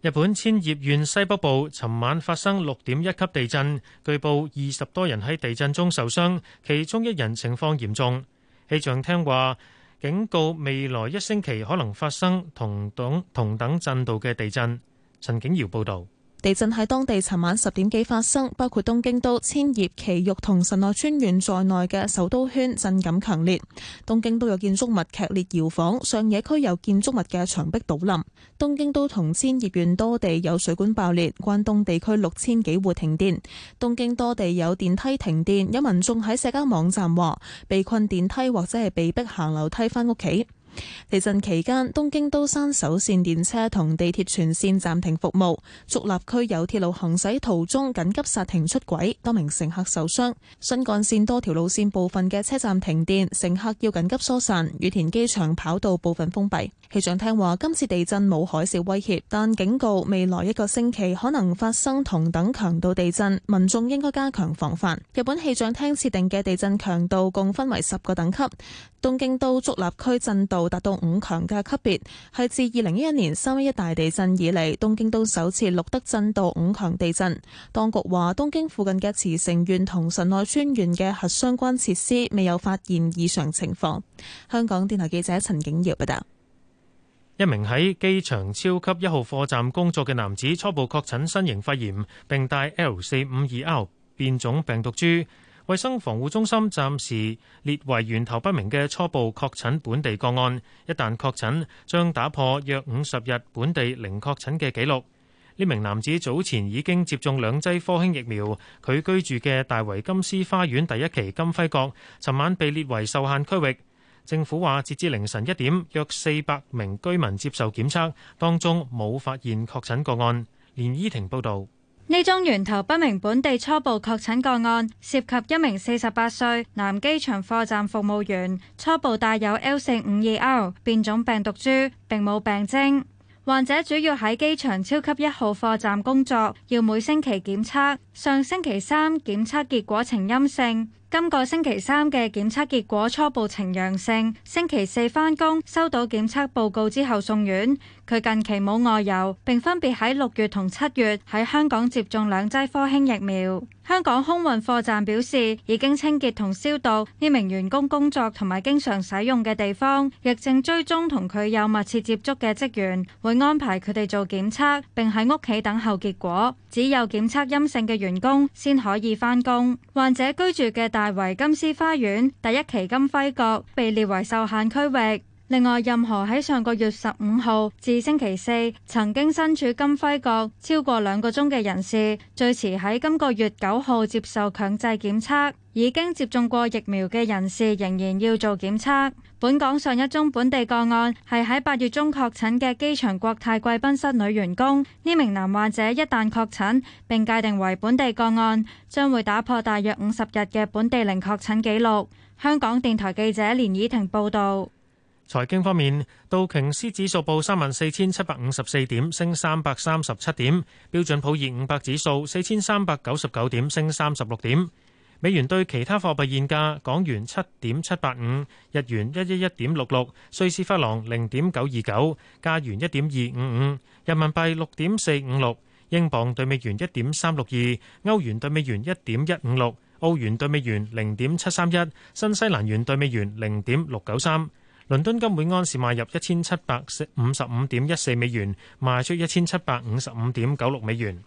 日本千葉縣西北部尋晚發生六點一級地震，據報二十多人喺地震中受傷，其中一人情況嚴重。氣象廳話。警告未來一星期可能發生同等同等震度嘅地震。陳景瑤報道。地震喺當地尋晚十點幾發生，包括東京都、千葉、埼玉同神奈川縣在內嘅首都圈震感強烈。東京都有建築物劇烈搖晃，上野區有建築物嘅牆壁倒冧。東京都同千葉縣多地有水管爆裂，關東地區六千幾戶停電。東京多地有電梯停電，有民眾喺社交網站話被困電梯或者係被迫行樓梯翻屋企。地震期間，東京都山手線電車同地鐵全線暫停服務，足立區有鐵路行駛途中緊急煞停出軌，多名乘客受傷。新幹線多條路線部分嘅車站停電，乘客要緊急疏散。羽田機場跑道部分封閉。氣象廳話，今次地震冇海嘯威脅，但警告未來一個星期可能發生同等強度地震，民眾應該加強防範。日本氣象廳設定嘅地震強度共分為十個等級，東京都足立區震度達到五強嘅級別，係自二零一一年三一一大地震以嚟東京都首次錄得震度五強地震。當局話，東京附近嘅茨城縣同神奈川縣嘅核相關設施未有發現異常情況。香港電台記者陳景瑤報道。一名喺機場超級一號貨站工作嘅男子初步確診新型肺炎，並帶 L 四五二 R 變種病毒株。衛生防護中心暫時列為源頭不明嘅初步確診本地個案。一旦確診將打破約五十日本地零確診嘅紀錄。呢名男子早前已經接種兩劑科興疫苗。佢居住嘅大圍金獅花園第一期金輝閣尋晚被列為受限區域。政府話，截至凌晨一點，約四百名居民接受檢測，當中冇發現確診個案。連依婷報道。呢宗源頭不明本地初步確診個案，涉及一名四十八歲南機場貨站服務員，初步帶有 L452R 變種病毒株，並冇病徵。患者主要喺機場超級一號貨站工作，要每星期檢測，上星期三檢測結果呈陰性。今個星期三嘅檢測結果初步呈陽性，星期四返工，收到檢測報告之後送院。佢近期冇外遊，並分別喺六月同七月喺香港接種兩劑科興疫苗。香港空運貨站表示，已經清潔同消毒呢名員工工作同埋經常使用嘅地方。亦正追蹤同佢有密切接觸嘅職員，會安排佢哋做檢測，並喺屋企等候結果。只有檢測陰性嘅員工先可以返工。患者居住嘅大圍金獅花園第一期金輝閣被列為受限區域。另外，任何喺上個月十五號至星期四曾經身處金輝閣超過兩個鐘嘅人士，最遲喺今個月九號接受強制檢測，已經接種過疫苗嘅人士仍然要做檢測。本港上一宗本地個案係喺八月中確診嘅機場國泰貴賓室女員工。呢名男患者一旦確診並界定為本地個案，將會打破大約五十日嘅本地零確診記錄，香港電台記者連倚婷報道。財經方面，道瓊斯指數報三萬四千七百五十四點，升三百三十七點；標準普爾五百指數四千三百九十九點，升三十六點。美元對其他貨幣現價：港元七點七八五，日元一一一點六六，瑞士法郎零點九二九，加元一點二五五，人民幣六點四五六，英鎊對美元一點三六二，歐元對美元一點一五六，澳元對美元零點七三一，新西蘭元對美元零點六九三。倫敦金每安士賣入一千七百五十五點一四美元，賣出一千七百五十五點九六美元。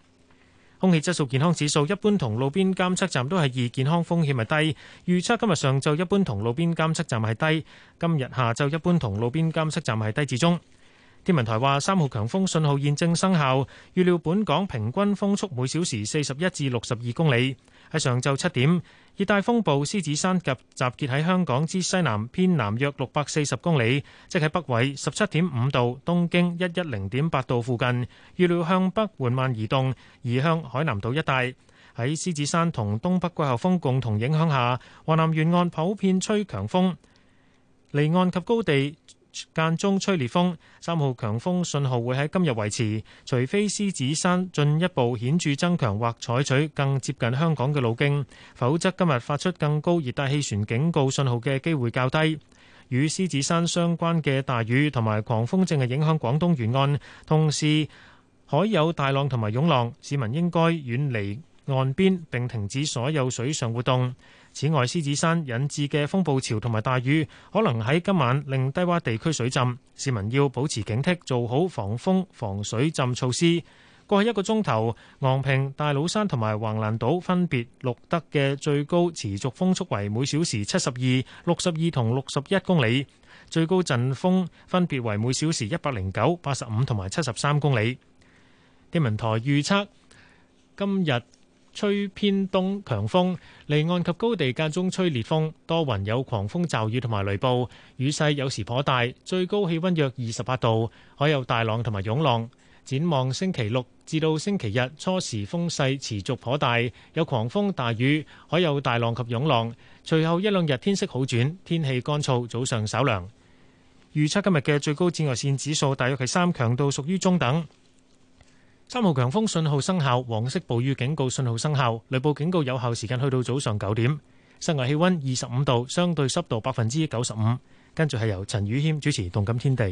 空氣質素健康指數一般同路邊監測站都係二，健康風險係低。預測今日上晝一般同路邊監測站係低，今日下晝一般同路邊監測站係低至中。天文台話三號強風信號現正生效，預料本港平均風速每小時四十一至六十二公里。喺上晝七點，熱帶風暴獅子山及集結喺香港之西南偏南約六百四十公里，即喺北緯十七點五度、東經一一零點八度附近。預料向北緩慢移動，移向海南島一帶。喺獅子山同東北季候風共同影響下，華南沿岸普遍吹強風，離岸及高地，間中吹烈風，三號強風信號會喺今日維持，除非獅子山進一步顯著增強或採取更接近香港嘅路徑，否則今日發出更高熱帶氣旋警告信號嘅機會較低。與獅子山相關嘅大雨同埋狂風正係影響廣東沿岸，同時海有大浪同埋湧浪，市民應該遠離岸邊並停止所有水上活動。此外，獅子山引致嘅風暴潮同埋大雨，可能喺今晚令低洼地區水浸，市民要保持警惕，做好防風防水浸措施。過去一個鐘頭，昂坪、大老山同埋橫瀾島分別錄得嘅最高持續風速為每小時七十二、六十二同六十一公里，最高陣風分別為每小時一百零九、八十五同埋七十三公里。天文台預測今日吹偏東強風，離岸及高地間中吹烈風，多雲有狂風驟雨同埋雷暴，雨勢有時頗大，最高氣溫約二十八度，海有大浪同埋湧浪。展望星期六至到星期日，初時風勢持續頗大，有狂風大雨，海有大浪及湧浪。隨後一兩日天色好轉，天氣乾燥，早上稍涼。預測今日嘅最高紫外線指數大約係三，強度屬於中等。三號強風信號生效，黃色暴雨警告信號生效，雷暴警告有效時間去到早上九點。室外氣溫二十五度，相對濕度百分之九十五。跟住係由陳宇謙主持《動感天地》。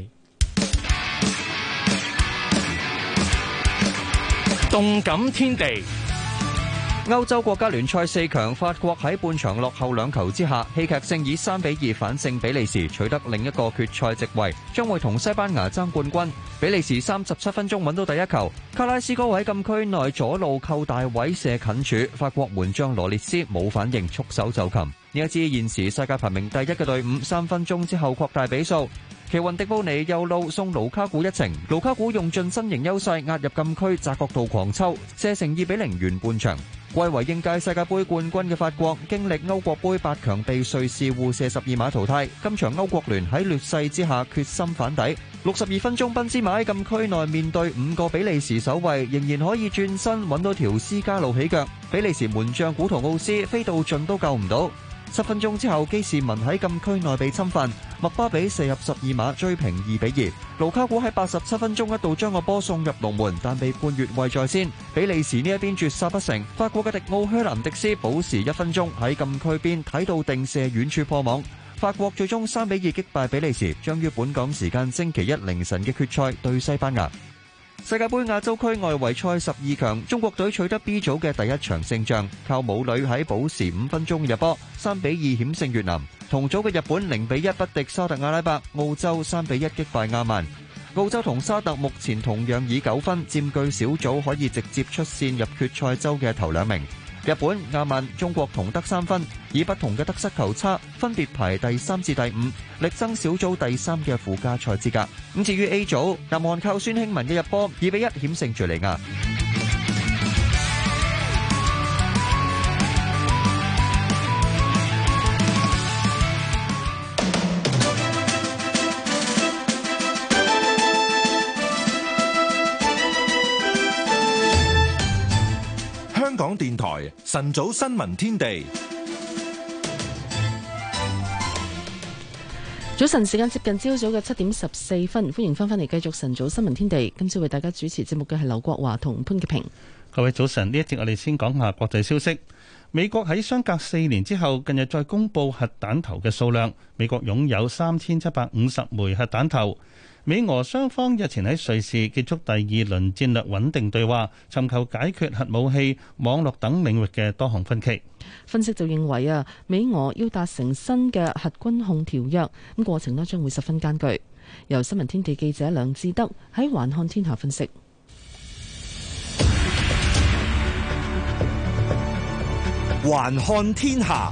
《動感天地》。歐洲國家聯賽四強，法國喺半場落後兩球之下，戲劇性以三比二反勝比利時，取得另一個決賽席位，將會同西班牙爭冠軍。比利時三十七分鐘揾到第一球，卡拉斯高喺禁區內左路扣大位射近柱，法國門將羅列斯冇反應，束手就擒。呢一支現時世界排名第一嘅隊伍，三分鐘之後擴大比數。奇雲迪布尼右路送盧卡古一程，盧卡古用盡身形優勢壓入禁區，窄角度狂抽射成二比零完半場。貴為應屆世界盃冠軍嘅法國，經歷歐國盃八強被瑞士互射十二碼淘汰，今場歐國聯喺劣勢之下決心反底。六十二分鐘，賓芝馬喺禁區內面對五個比利時守衛，仍然可以轉身揾到條斯加路起腳，比利時門將古圖奧斯飛到盡都救唔到。七分鐘之後，基士文喺禁區內被侵犯，麥巴比射入十二碼追平二比二。盧卡古喺八十七分鐘一度將個波送入龍門，但被判越位在先。比利時呢一邊絕殺不成，法國嘅迪奧靴南迪斯保持一分鐘喺禁區邊睇到定射遠處破網。法國最終三比二擊敗比利時，將於本港時間星期一凌晨嘅決賽對西班牙。世界杯亞洲區外圍賽十二強，中國隊取得 B 組嘅第一場勝仗，靠武磊喺補時五分鐘入波，三比二險勝越南。同組嘅日本零比一不敵沙特阿拉伯，澳洲三比一擊敗阿曼。澳洲同沙特目前同樣以九分佔據小組可以直接出線入決賽周嘅頭兩名。日本、亞曼、中國同得三分，以不同嘅得失球差，分別排第三至第五，力爭小組第三嘅附加賽資格。咁至於 A 組，南韓靠孫興慜嘅入波，二比一險勝敘利亞。港電台晨早新聞天地，早晨時間接近朝早嘅七點十四分，歡迎翻返嚟繼續晨早新聞天地。今次為大家主持節目嘅係劉國華同潘潔平。各位早晨，呢一節我哋先講下國際消息。美國喺相隔四年之後，近日再公布核彈頭嘅數量。美國擁有三千七百五十枚核彈頭。美俄雙方日前喺瑞士結束第二輪戰略穩定對話，尋求解決核武器、網絡等領域嘅多項分歧。分析就認為啊，美俄要達成新嘅核軍控條約，咁過程呢將會十分艱巨。由新聞天地記者梁志德喺橫看天下分析。橫看天下。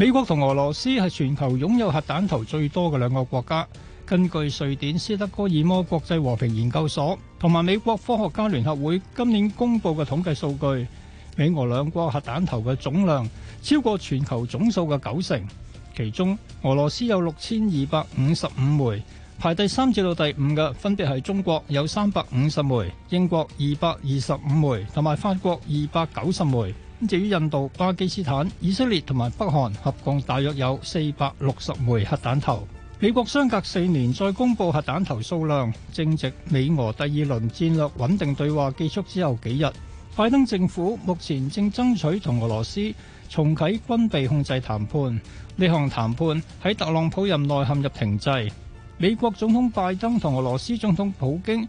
美國同俄羅斯係全球擁有核彈頭最多嘅兩個國家。根據瑞典斯德哥爾摩國際和平研究所同埋美國科學家聯合會今年公布嘅統計數據，美俄兩國核彈頭嘅總量超過全球總數嘅九成。其中，俄羅斯有六千二百五十五枚，排第三至到第五嘅分別係中國有三百五十枚、英國二百二十五枚同埋法國二百九十枚。至於印度、巴基斯坦、以色列同埋北韓合共大約有四百六十枚核彈頭。美國相隔四年再公布核彈頭數量，正值美俄第二輪戰略穩定對話結束之後幾日。拜登政府目前正爭取同俄羅斯重啟軍備控制談判，呢項談判喺特朗普任內陷入停滯。美國總統拜登同俄羅斯總統普京。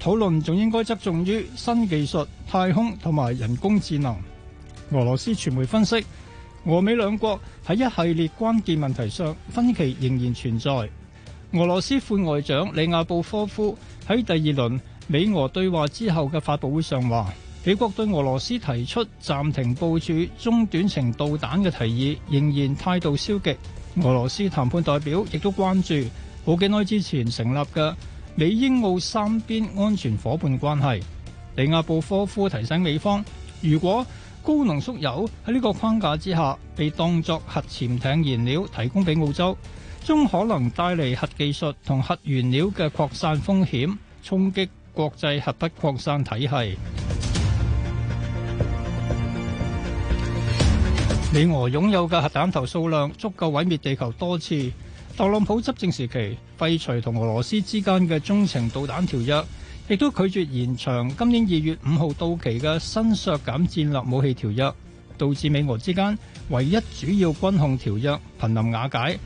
討論仲應該側重於新技術、太空同埋人工智能。俄羅斯傳媒分析，俄美兩國喺一系列關鍵問題上分歧仍然存在。俄羅斯副外長里亞布科夫喺第二輪美俄對話之後嘅發佈會上話，美國對俄羅斯提出暫停部署中短程導彈嘅提議，仍然態度消極。俄羅斯談判代表亦都關注好幾耐之前成立嘅美英澳三邊安全夥伴關係，李亞布科夫提醒美方，如果高濃縮鈾喺呢個框架之下被當作核潛艇燃料提供俾澳洲，將可能帶嚟核技術同核原料嘅擴散風險，衝擊國際核不擴散體系。美俄擁有嘅核彈頭數量足夠毀滅地球多次。特朗普執政時期廢除同俄羅斯之間嘅中程導彈條約，亦都拒絕延長今年二月五號到期嘅新削減戰略武器條約，導致美俄之間唯一主要軍控條約瀕臨瓦解。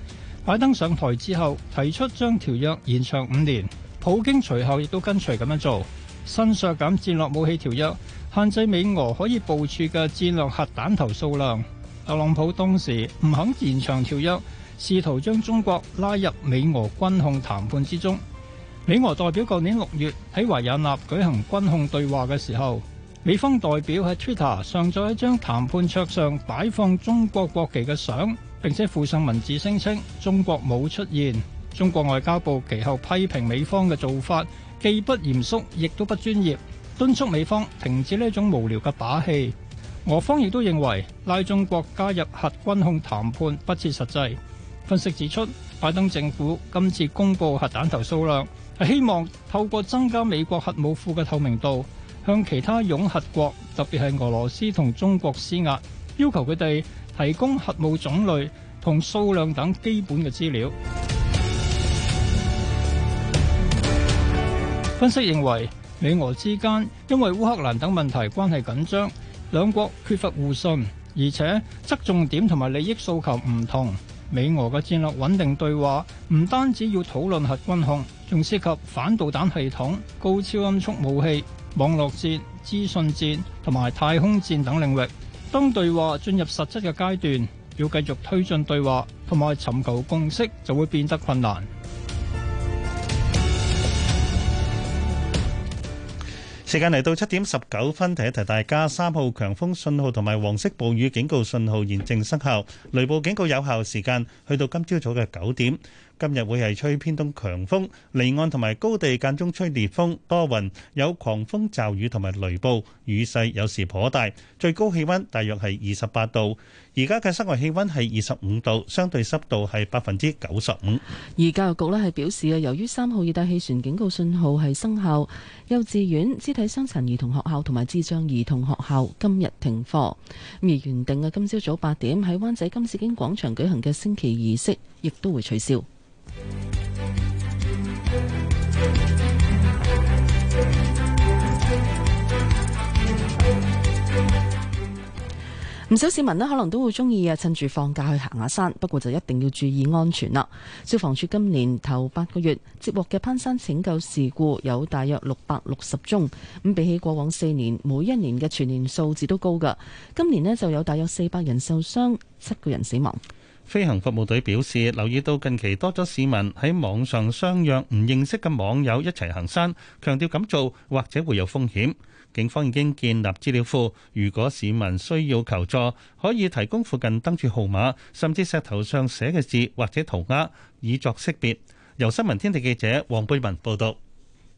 拜登上台之後提出將條約延長五年，普京隨後亦都跟隨咁樣做。新削減戰略武器條約限制美俄可以部署嘅戰略核彈頭數量。特朗普當時唔肯延長條約，試圖將中國拉入美俄軍控談判之中。美俄代表舊年六月喺維也納舉行軍控對話嘅時候，美方代表喺 Twitter 上載一張談判桌上擺放中國國旗嘅相，並且附上文字聲稱中國冇出現。中國外交部其後批評美方嘅做法既不嚴肅，亦都不專業，敦促美方停止呢一種無聊嘅把戲。俄方亦都認為，拉中國加入核軍控談判不切實際。分析指出，拜登政府今次公布核彈頭數量，係希望透過增加美國核武庫嘅透明度，向其他擁核國，特別係俄羅斯同中國施壓，要求佢哋提供核武種類同數量等基本嘅資料。分析認為，美俄之間因為烏克蘭等問題關係緊張。兩國缺乏互信，而且側重點同埋利益訴求唔同。美俄嘅戰略穩定對話唔單止要討論核軍控，仲涉及反導彈系統、高超音速武器、網絡戰、資訊戰同埋太空戰等領域。當對話進入實質嘅階段，要繼續推進對話同埋尋求共識，就會變得困難。時間嚟到七點十九分，提一提大家，三號強風信號同埋黃色暴雨警告信號現正生效，雷暴警告有效時間去到今朝早嘅九點。今日會係吹偏東強風，離岸同埋高地間中吹烈風，多雲，有狂風驟雨同埋雷暴，雨勢有時頗大，最高氣温大約係二十八度。而家嘅室外氣溫係二十五度，相對濕度係百分之九十五。而教育局咧係表示啊，由於三號熱帶氣旋警告信號係生效，幼稚園、肢體傷殘兒童學校同埋智障兒童學校今日停課。而原定嘅今朝早八點喺灣仔金紫荊廣場舉行嘅升旗儀式，亦都會取消。唔少市民呢，可能都會鍾意啊，趁住放假去行下山。不過就一定要注意安全啦。消防處今年頭八個月接獲嘅攀山拯救事故有大約六百六十宗，咁比起過往四年每一年嘅全年數字都高㗎。今年呢就有大約四百人受傷，七個人死亡。飛行服務隊表示，留意到近期多咗市民喺網上相約唔認識嘅網友一齊行山，強調咁做或者會有風險。警方已經建立資料庫，如果市民需要求助，可以提供附近登記號碼，甚至石頭上寫嘅字或者塗鴉，以作識別。由新聞天地記者黃貝文報道。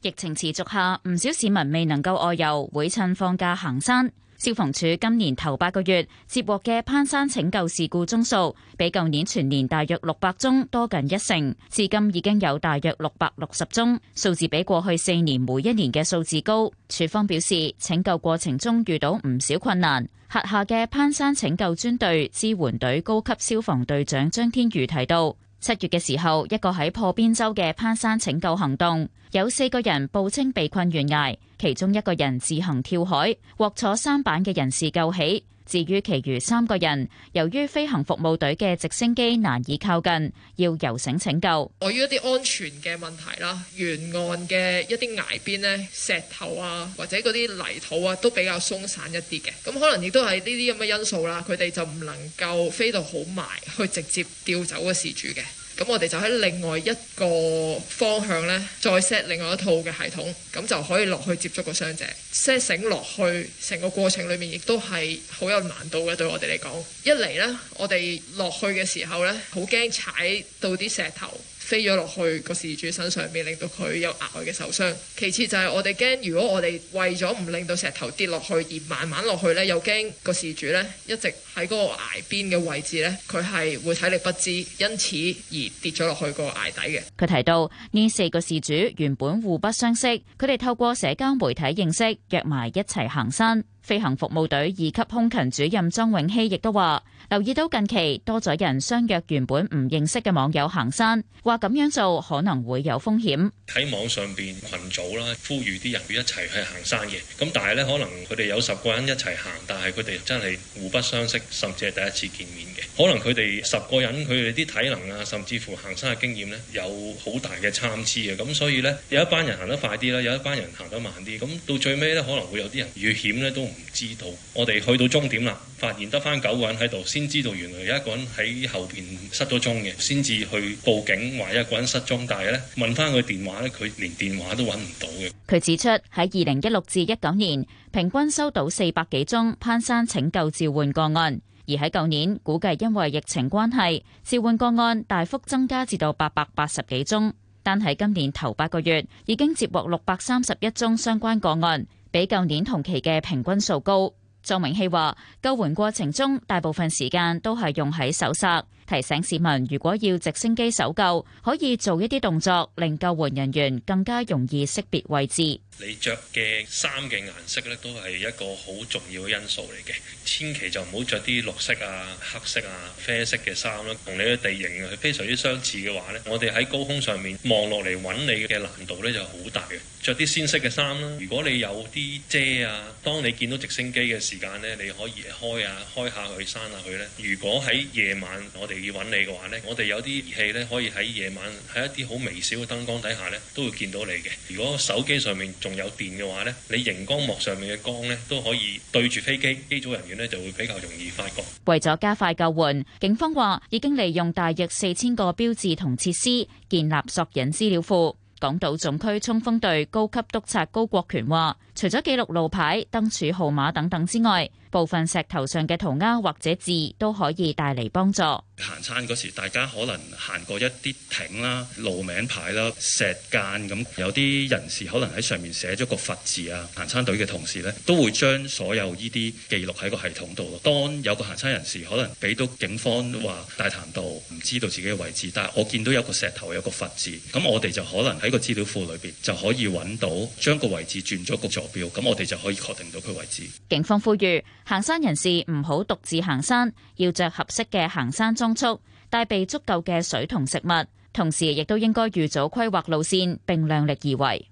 疫情持續下，唔少市民未能夠外遊，會趁放假行山。消防處今年頭八個月接獲嘅攀山拯救事故宗數，比舊年全年大約六百宗多近一成，至今已經有大約六百六十宗，數字比過去四年每一年嘅數字高。處方表示，拯救過程中遇到唔少困難。轄下嘅攀山拯救專隊支援隊高級消防隊長張天如提到，七月嘅時候，一個喺破邊洲嘅攀山拯救行動，有四個人報稱被困懸崖。其中一個人自行跳海，獲坐三板嘅人士救起。至於其餘三個人，由於飛行服務隊嘅直升機難以靠近，要遊繩拯救。礙於一啲安全嘅問題啦，沿岸嘅一啲崖邊呢石頭啊或者嗰啲泥土啊都比較鬆散一啲嘅，咁可能亦都係呢啲咁嘅因素啦。佢哋就唔能夠飛到好埋去直接吊走個事主嘅。咁我哋就喺另外一個方向呢，再 set 另外一套嘅系統，咁就可以落去接觸個傷者。set 醒落去成個過程裏面，亦都係好有難度嘅，對我哋嚟講。一嚟呢，我哋落去嘅時候呢，好驚踩到啲石頭。飛咗落去個事主身上面，令到佢有額外嘅受傷。其次就係我哋驚，如果我哋為咗唔令到石頭跌落去而慢慢落去呢，又驚個事主呢，一直喺嗰個崖邊嘅位置呢，佢係會體力不支，因此而跌咗落去個崖底嘅。佢提到呢，四個事主原本互不相識，佢哋透過社交媒體認識，約埋一齊行山。飛行服務隊二級空勤主任莊永熙亦都話：留意到近期多咗人相約原本唔認識嘅網友行山，話咁樣做可能會有風險。喺網上邊群組啦，呼籲啲人要一齊去行山嘅。咁但係呢，可能佢哋有十個人一齊行，但係佢哋真係互不相識，甚至係第一次見面嘅。可能佢哋十個人佢哋啲體能啊，甚至乎行山嘅經驗呢，有好大嘅參差嘅。咁所以呢，有一班人行得快啲啦，有一班人行得慢啲。咁到最尾呢，可能會有啲人遇險呢，都唔。知道我哋去到終點啦，發現得翻九個人喺度，先知道原來有一個人喺後邊失咗蹤嘅，先至去報警話一個人失蹤但係咧，問翻佢電話咧，佢連電話都揾唔到嘅。佢指出喺二零一六至一九年平均收到四百幾宗攀山拯救召喚個案，而喺舊年估計因為疫情關係，召喚個案大幅增加至到八百八十幾宗，但係今年頭八個月已經接獲六百三十一宗相關個案。比舊年同期嘅平均數高。周明希話：救援過程中大部分時間都係用喺搜索。提醒市民，如果要直升機搜救，可以做一啲動作，令救援人員更加容易識別位置。你着嘅衫嘅顏色咧，都係一個好重要嘅因素嚟嘅。千祈就唔好着啲綠色啊、黑色啊、啡色嘅衫啦。同你嘅地形係非常之相似嘅話咧，我哋喺高空上面望落嚟搵你嘅難度咧就好大嘅。着啲鮮色嘅衫啦。如果你有啲遮啊，當你見到直升機嘅時間咧，你可以開啊，開下佢，閂下佢咧。如果喺夜晚，我哋要揾你嘅話呢，我哋有啲儀器呢，可以喺夜晚喺一啲好微小嘅燈光底下呢，都會見到你嘅。如果手機上面仲有電嘅話呢，你熒光幕上面嘅光呢，都可以對住飛機機組人員呢，就會比較容易發覺。為咗加快救援，警方話已經利用大約四千個標誌同設施建立索引資料庫。港島總區衝鋒隊高級督察高國權話。除咗記錄路牌、燈柱號碼等等之外，部分石頭上嘅塗鴉或者字都可以帶嚟幫助。行山嗰時，大家可能行過一啲亭啦、路名牌啦、石澗咁，有啲人士可能喺上面寫咗個佛字啊。行山隊嘅同事咧，都會將所有依啲記錄喺個系統度。當有個行山人士可能俾到警方話大潭道唔知道自己嘅位置，但係我見到有個石頭有個佛字，咁我哋就可能喺個資料庫裏邊就可以揾到，將個位置轉咗個咁我哋就可以確定到佢位置。警方呼籲行山人士唔好獨自行山，要着合適嘅行山裝束，帶備足夠嘅水同食物，同時亦都應該預早規劃路線並量力而為。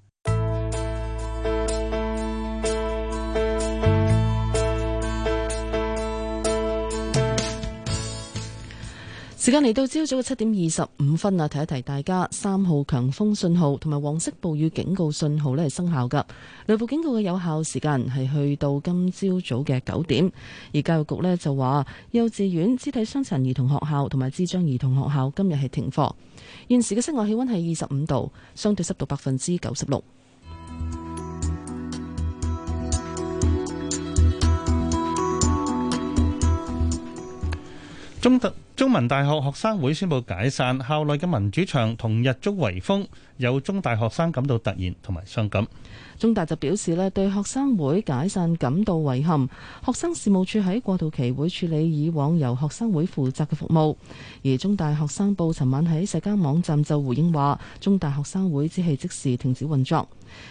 時間嚟到朝早嘅七點二十五分啊。提一提大家，三號強風信號同埋黃色暴雨警告信號呢係生效噶，雷暴警告嘅有效時間係去到今朝早嘅九點。而教育局呢就話，幼稚園、肢體傷殘兒童學校同埋智障兒童學校今日係停課。現時嘅室外氣溫係二十五度，相對濕度百分之九十六。中特中文大學學生會宣布解散，校內嘅民主牆同日足圍風，有中大學生感到突然同埋傷感。中大就表示咧，對學生會解散感到遺憾，學生事務處喺過渡期會處理以往由學生會負責嘅服務。而中大學生部尋晚喺社交網站就回應話，中大學生會只係即時停止運作。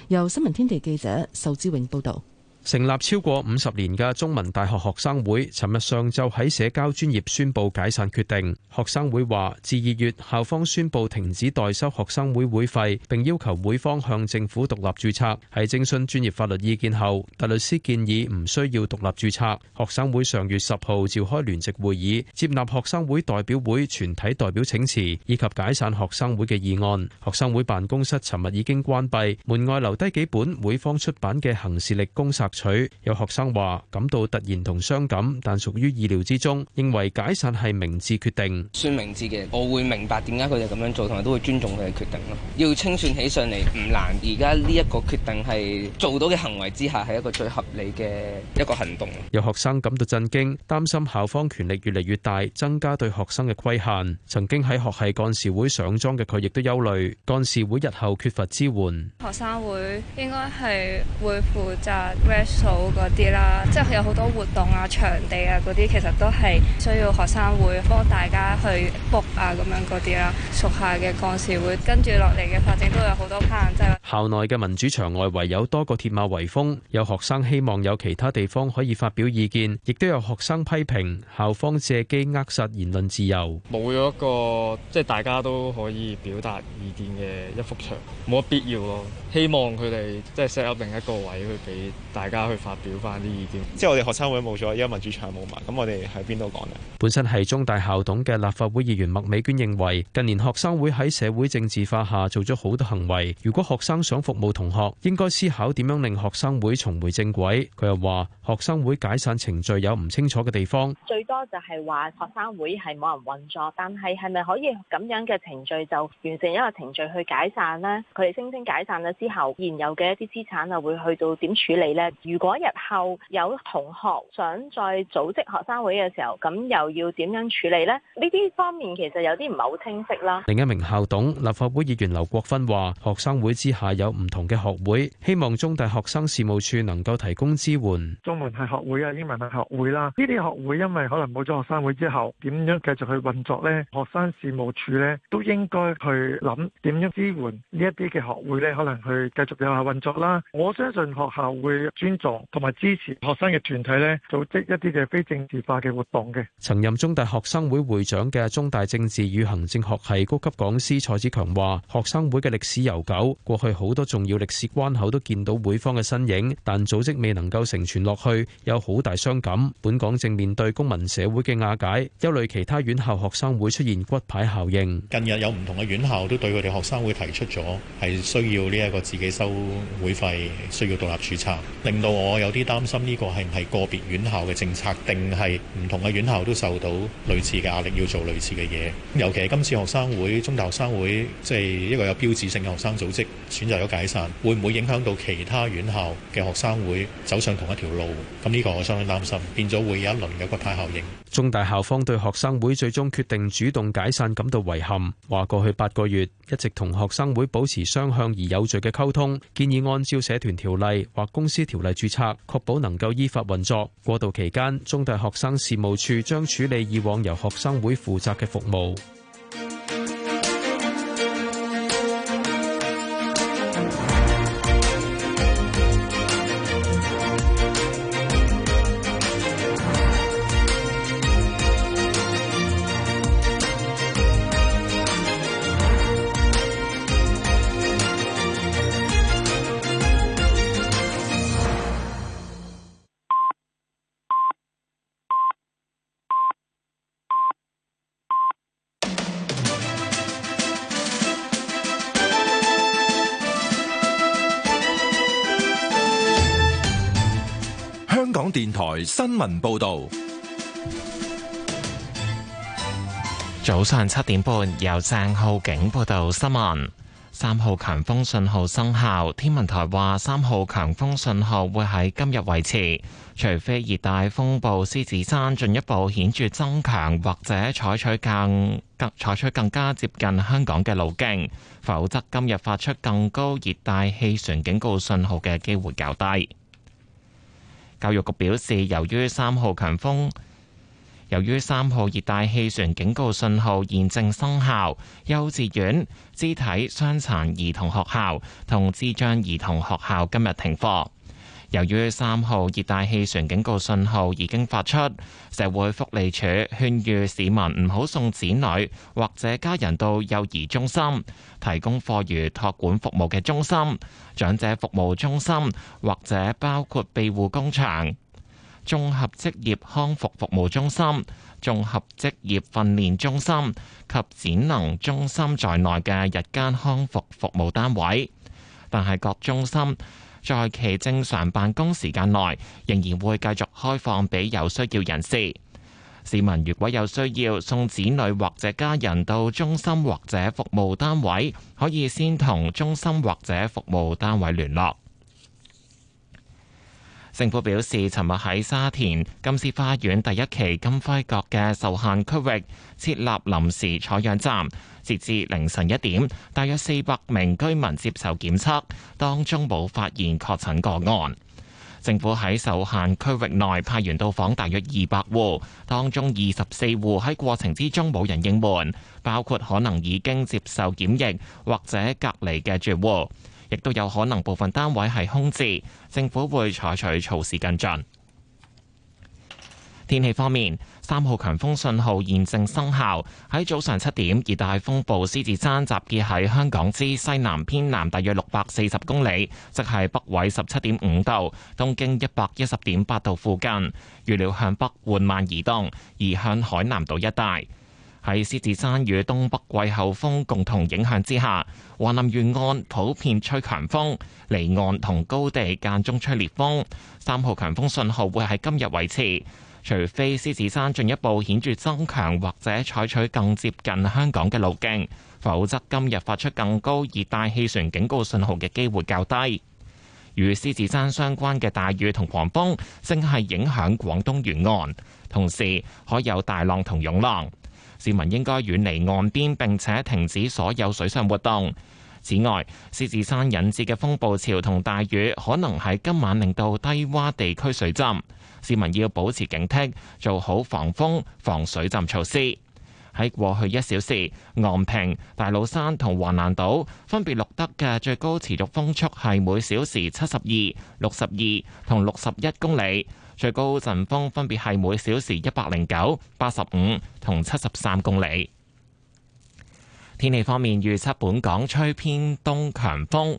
由新聞天地記者仇志榮報道。成立超過五十年嘅中文大學學生會，尋日上晝喺社交專業宣布解散決定。學生會話：自二月校方宣布停止代收學生會會費，並要求會方向政府獨立註冊。喺徵詢專業法律意見後，大律師建議唔需要獨立註冊。學生會上月十號召開聯席會議，接納學生會代表會全體代表請辭以及解散學生會嘅議案。學生會辦公室尋日已經關閉，門外留低幾本會方出版嘅《行事曆公策》。取有學生話感到突然同傷感，但屬於意料之中。認為解散係明智決定，算明智嘅。我會明白點解佢哋咁樣做，同埋都會尊重佢哋決定咯。要清算起上嚟唔難，而家呢一個決定係做到嘅行為之下，係一個最合理嘅一個行動。有學生感到震驚，擔心校方權力越嚟越大，增加對學生嘅規限。曾經喺學係幹事會上莊嘅佢亦都憂慮，幹事會日後缺乏支援。學生會應該係會負責。數啲啦，即係有好多活動啊、場地啊嗰啲，其實都係需要學生會幫大家去 book 啊咁樣嗰啲啦。熟下嘅幹事會跟住落嚟嘅發展都有好多 part，即係校內嘅民主牆外圍有多個鐵馬圍封，有學生希望有其他地方可以發表意見，亦都有學生批評校方借機扼殺言論自由，冇咗一個即係、就是、大家都可以表達意見嘅一幅牆，冇乜必要咯。希望佢哋即係 set up 另一個位去俾大家。而家去發表翻啲意見，即係我哋學生會冇咗，因為民主牆冇埋，咁我哋喺邊度講咧？本身係中大校董嘅立法會議員麥美娟認為，近年學生會喺社會政治化下做咗好多行為，如果學生想服務同學，應該思考點樣令學生會重回正軌，佢又話學生會解散程序有唔清楚嘅地方，最多就係話學生會係冇人運作，但係係咪可以咁樣嘅程序就完成一個程序去解散咧？佢哋聲稱解散咗之後現有嘅一啲資產啊，會去到點處理咧？如果日後有同學想再組織學生會嘅時候，咁又要點樣處理咧？呢啲方面其實有啲唔係好清晰啦。另一名校董，立法會議員劉國芬話學生會之下有唔同嘅學會，希望中大學生事務處能夠提供支援。中文系學會啊、英文系學會啦，呢啲學會因為可能冇咗學生會之後點樣繼續去運作咧？學生事務處咧都應該去諗點樣支援呢一啲嘅學會咧，可能去繼續有下運作啦。我相信學校會專。同埋支持學生嘅團體呢，組織一啲嘅非政治化嘅活動嘅。曾任中大學生會會長嘅中大政治與行政學系高級講師蔡子強話，學生會嘅歷史悠久，過去好多重要歷史關口都見到會方嘅身影，但組織未能夠承傳落去，有好大傷感。本港正面對公民社會嘅瓦解，憂慮其他院校學生會出現骨牌效應。近日有唔同嘅院校都對佢哋學生會提出咗，係需要呢一個自己收會費，需要獨立註冊，到我有啲擔心，呢個係唔係個別院校嘅政策，定係唔同嘅院校都受到類似嘅壓力，要做類似嘅嘢？尤其係今次學生會、中大學生會，即係、就是、一個有標誌性嘅學生組織，選擇咗解散，會唔會影響到其他院校嘅學生會走上同一條路？咁、這、呢個我相當擔心，變咗會有一輪嘅骨牌效應。中大校方對學生會最終決定主動解散感到遺憾，話過去八個月一直同學生會保持雙向而有序嘅溝通，建議按照社團條例或公司條例注冊，確保能夠依法運作。過渡期間，中大學生事務處將處理以往由學生會負責嘅服務。新聞報道，早上七點半由鄭浩景報道新聞。三號強風信號生效，天文台話三號強風信號會喺今日維持，除非熱帶風暴獅子山進一步顯著增強，或者採取更更採取更加接近香港嘅路徑，否則今日發出更高熱帶氣旋警告信號嘅機會較低。教育局表示，由於三號強風，由於三號熱帶氣旋警告信號現正生效，幼稚園、肢體傷殘兒童學校同智障兒童學校今日停課。由於三號熱帶氣旋警告信號已經發出，社會福利署勸喻市民唔好送子女或者家人到幼兒中心、提供課餘託管服務嘅中心、長者服務中心或者包括庇護工場、綜合職業康復服務中心、綜合職業訓練中心及展能中心在內嘅日間康復服務單位，但係各中心，在其正常辦公時間內，仍然會繼續開放俾有需要人士。市民如果有需要送子女或者家人到中心或者服務單位，可以先同中心或者服務單位聯絡。政府表示，尋日喺沙田金獅花園第一期金輝閣嘅受限區域設立臨時採樣站。截至凌晨一點，大約四百名居民接受檢測，當中冇發現確診個案。政府喺受限區域內派員到訪大約二百戶，當中二十四戶喺過程之中冇人應門，包括可能已經接受檢疫或者隔離嘅住戶，亦都有可能部分單位係空置。政府會採取措施跟進。天氣方面，三號強風信號現正生效。喺早上七點，熱帶風暴獅子山集結喺香港之西南偏南，大約六百四十公里，即係北緯十七點五度、東經一百一十點八度附近。預料向北緩慢移動，移向海南島一帶。喺獅子山與東北季候風共同影響之下，華南沿岸普遍吹強風，離岸同高地間中吹烈風。三號強風信號會喺今日維持。除非獅子山進一步顯著增強，或者採取更接近香港嘅路徑，否則今日發出更高熱帶氣旋警告信號嘅機會較低。與獅子山相關嘅大雨同狂風正係影響廣東沿岸，同時可有大浪同湧浪。市民應該遠離岸邊並且停止所有水上活動。此外，獅子山引致嘅風暴潮同大雨可能喺今晚令到低洼地區水浸。市民要保持警惕，做好防風防水浸措施。喺過去一小時，昂坪、大老山同橫瀾島分別錄得嘅最高持續風速係每小時七十二、六十二同六十一公里，最高陣風分別係每小時一百零九、八十五同七十三公里。天氣方面預測，本港吹偏東強風。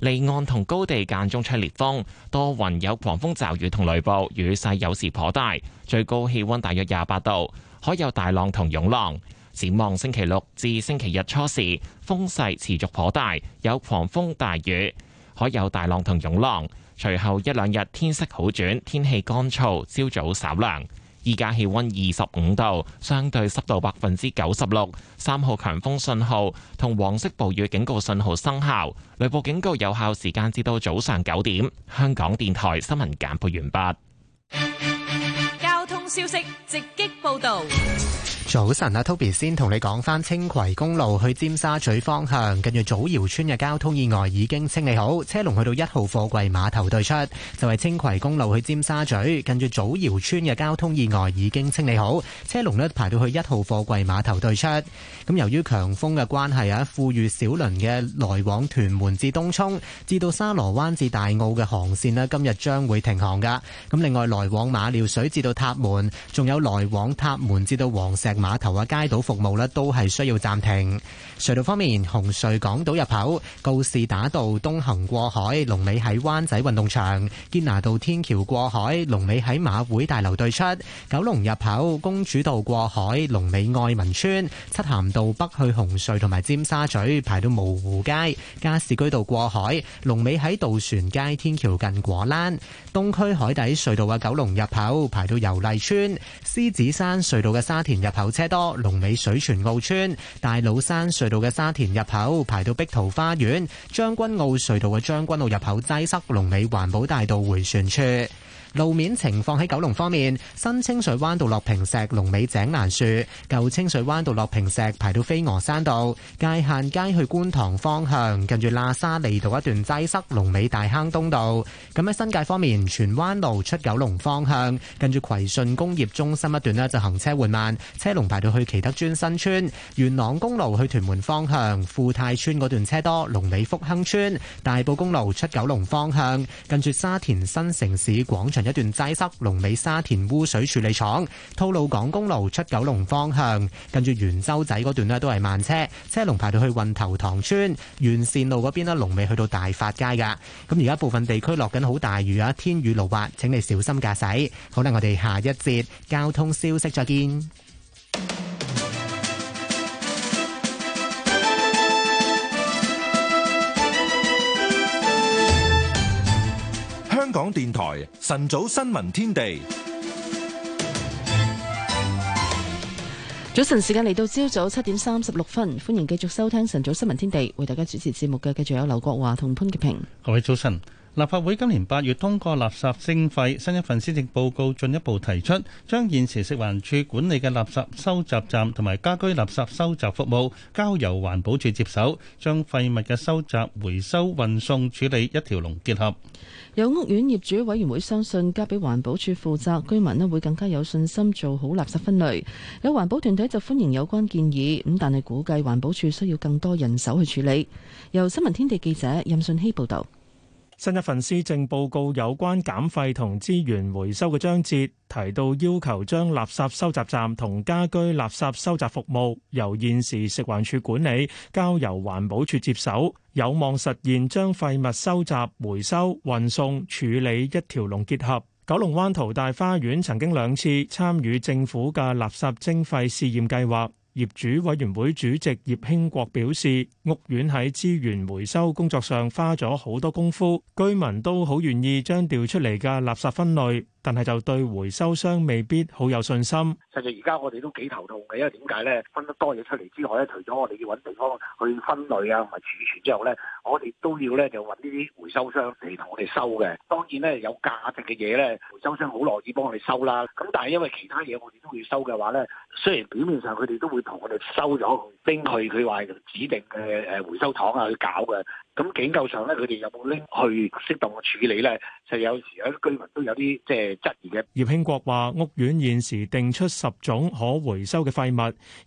離岸同高地間中吹烈風，多雲有狂風驟雨同雷暴，雨勢有時頗大，最高氣溫大約廿八度，可有大浪同湧浪。展望星期六至星期日初時，風勢持續頗大，有狂風大雨，可有大浪同湧浪。隨後一兩日天色好轉，天氣乾燥，朝早稍涼。而家氣溫二十五度，相對濕度百分之九十六，三號強風信號同黃色暴雨警告信號生效，雷暴警告有效時間至到早上九點。香港電台新聞簡報完畢。交通消息直擊報道。早晨啊，Toby 先同你講翻青葵公路去尖沙咀方向，近住祖堯村嘅交通意外已經清理好，車龍去到一號貨櫃碼頭對出，就係、是、青葵公路去尖沙咀，近住祖堯村嘅交通意外已經清理好，車龍咧排到去一號貨櫃碼頭對出。咁由於強風嘅關係啊，富裕小輪嘅來往屯門至東涌、至到沙螺灣至大澳嘅航線咧，今日將會停航噶。咁另外來往馬料水至到塔門，仲有來往塔門至到黃石，碼頭啊，街道服務呢都係需要暫停。隧道方面，紅隧港島入口、告士打道東行過海，龍尾喺灣仔運動場；堅拿道天橋過海，龍尾喺馬會大樓對出；九龍入口公主道過海，龍尾愛民村；漆咸道北去紅隧同埋尖沙咀，排到蕪湖街；加士居道過海，龍尾喺渡船街天橋近果欄；東區海底隧道嘅九龍入口，排到油麗村；獅子山隧道嘅沙田入口車多，龍尾水泉澳村、大老山隧道嘅沙田入口排到碧桃花園，將軍澳隧道嘅將軍澳入口擠塞，龍尾環保大道回旋處。路面情況喺九龍方面，新清水灣道落坪石，龍尾井欄樹；舊清水灣道落坪石，排到飛鵝山道。界限街去觀塘方向，近住喇沙利道一段擠塞，龍尾大坑東道。咁喺新界方面，荃灣路出九龍方向，近住葵順工業中心一段呢就行車緩慢，車龍排到去祈德尊新邨。元朗公路去屯門方向，富泰村嗰段車多，龍尾福亨村。大埔公路出九龍方向，近住沙田新城市廣場一段擠塞，龍尾沙田污水處理廠。吐露港公路出九龍方向，近住圓洲仔嗰段咧都係慢車，車龍排到去運頭塘村元善路嗰邊咧，龍尾去到大發街噶。咁而家部分地區落緊好大雨啊，天雨路滑，請你小心駕駛。好啦，我哋下一節交通消息再見。香港電台晨早新聞天地，早晨時間嚟到，朝早七點三十六分，歡迎繼續收聽晨早新聞天地，為大家主持節目嘅繼續有劉國華同潘潔平。各位早晨，立法會今年八月通過垃圾徵費，新一份施政報告進一步提出，將現時食環署管理嘅垃圾收集站同埋家居垃圾收集服務交由環保署接手，將廢物嘅收集、回收、運送、處理一條龍結合。有屋苑業主委員會相信交俾環保署負責，居民呢會更加有信心做好垃圾分類。有環保團體就歡迎有關建議，咁但係估計環保署需要更多人手去處理。由新聞天地記者任信希報導。新一份施政報告有關減廢同資源回收嘅章節，提到要求將垃圾收集站同家居垃圾收集服務由現時食環署管理，交由環保處接手，有望實現將廢物收集、回收、運送、處理一條龍結合。九龍灣淘大花園曾經兩次參與政府嘅垃圾徵費試驗計劃。業主委員會主席葉興國表示，屋苑喺資源回收工作上花咗好多功夫，居民都好願意將調出嚟嘅垃圾分類。但係就對回收商未必好有信心。實際而家我哋都幾頭痛嘅，因為點解咧？分得多嘢出嚟之外咧，除咗我哋要揾地方去分類啊、同埋儲存之後咧，我哋都要咧就揾呢啲回收商嚟同我哋收嘅。當然咧，有價值嘅嘢咧，回收商好樂意幫我哋收啦。咁但係因為其他嘢我哋都要收嘅話咧，雖然表面上佢哋都會同我哋收咗，拎去佢話指定嘅誒回收廠啊去搞嘅。咁警夠上咧，佢哋有冇拎去適當嘅處理咧？就有時有居民都有啲即係質疑嘅。葉興國話：屋苑現時定出十種可回收嘅廢物，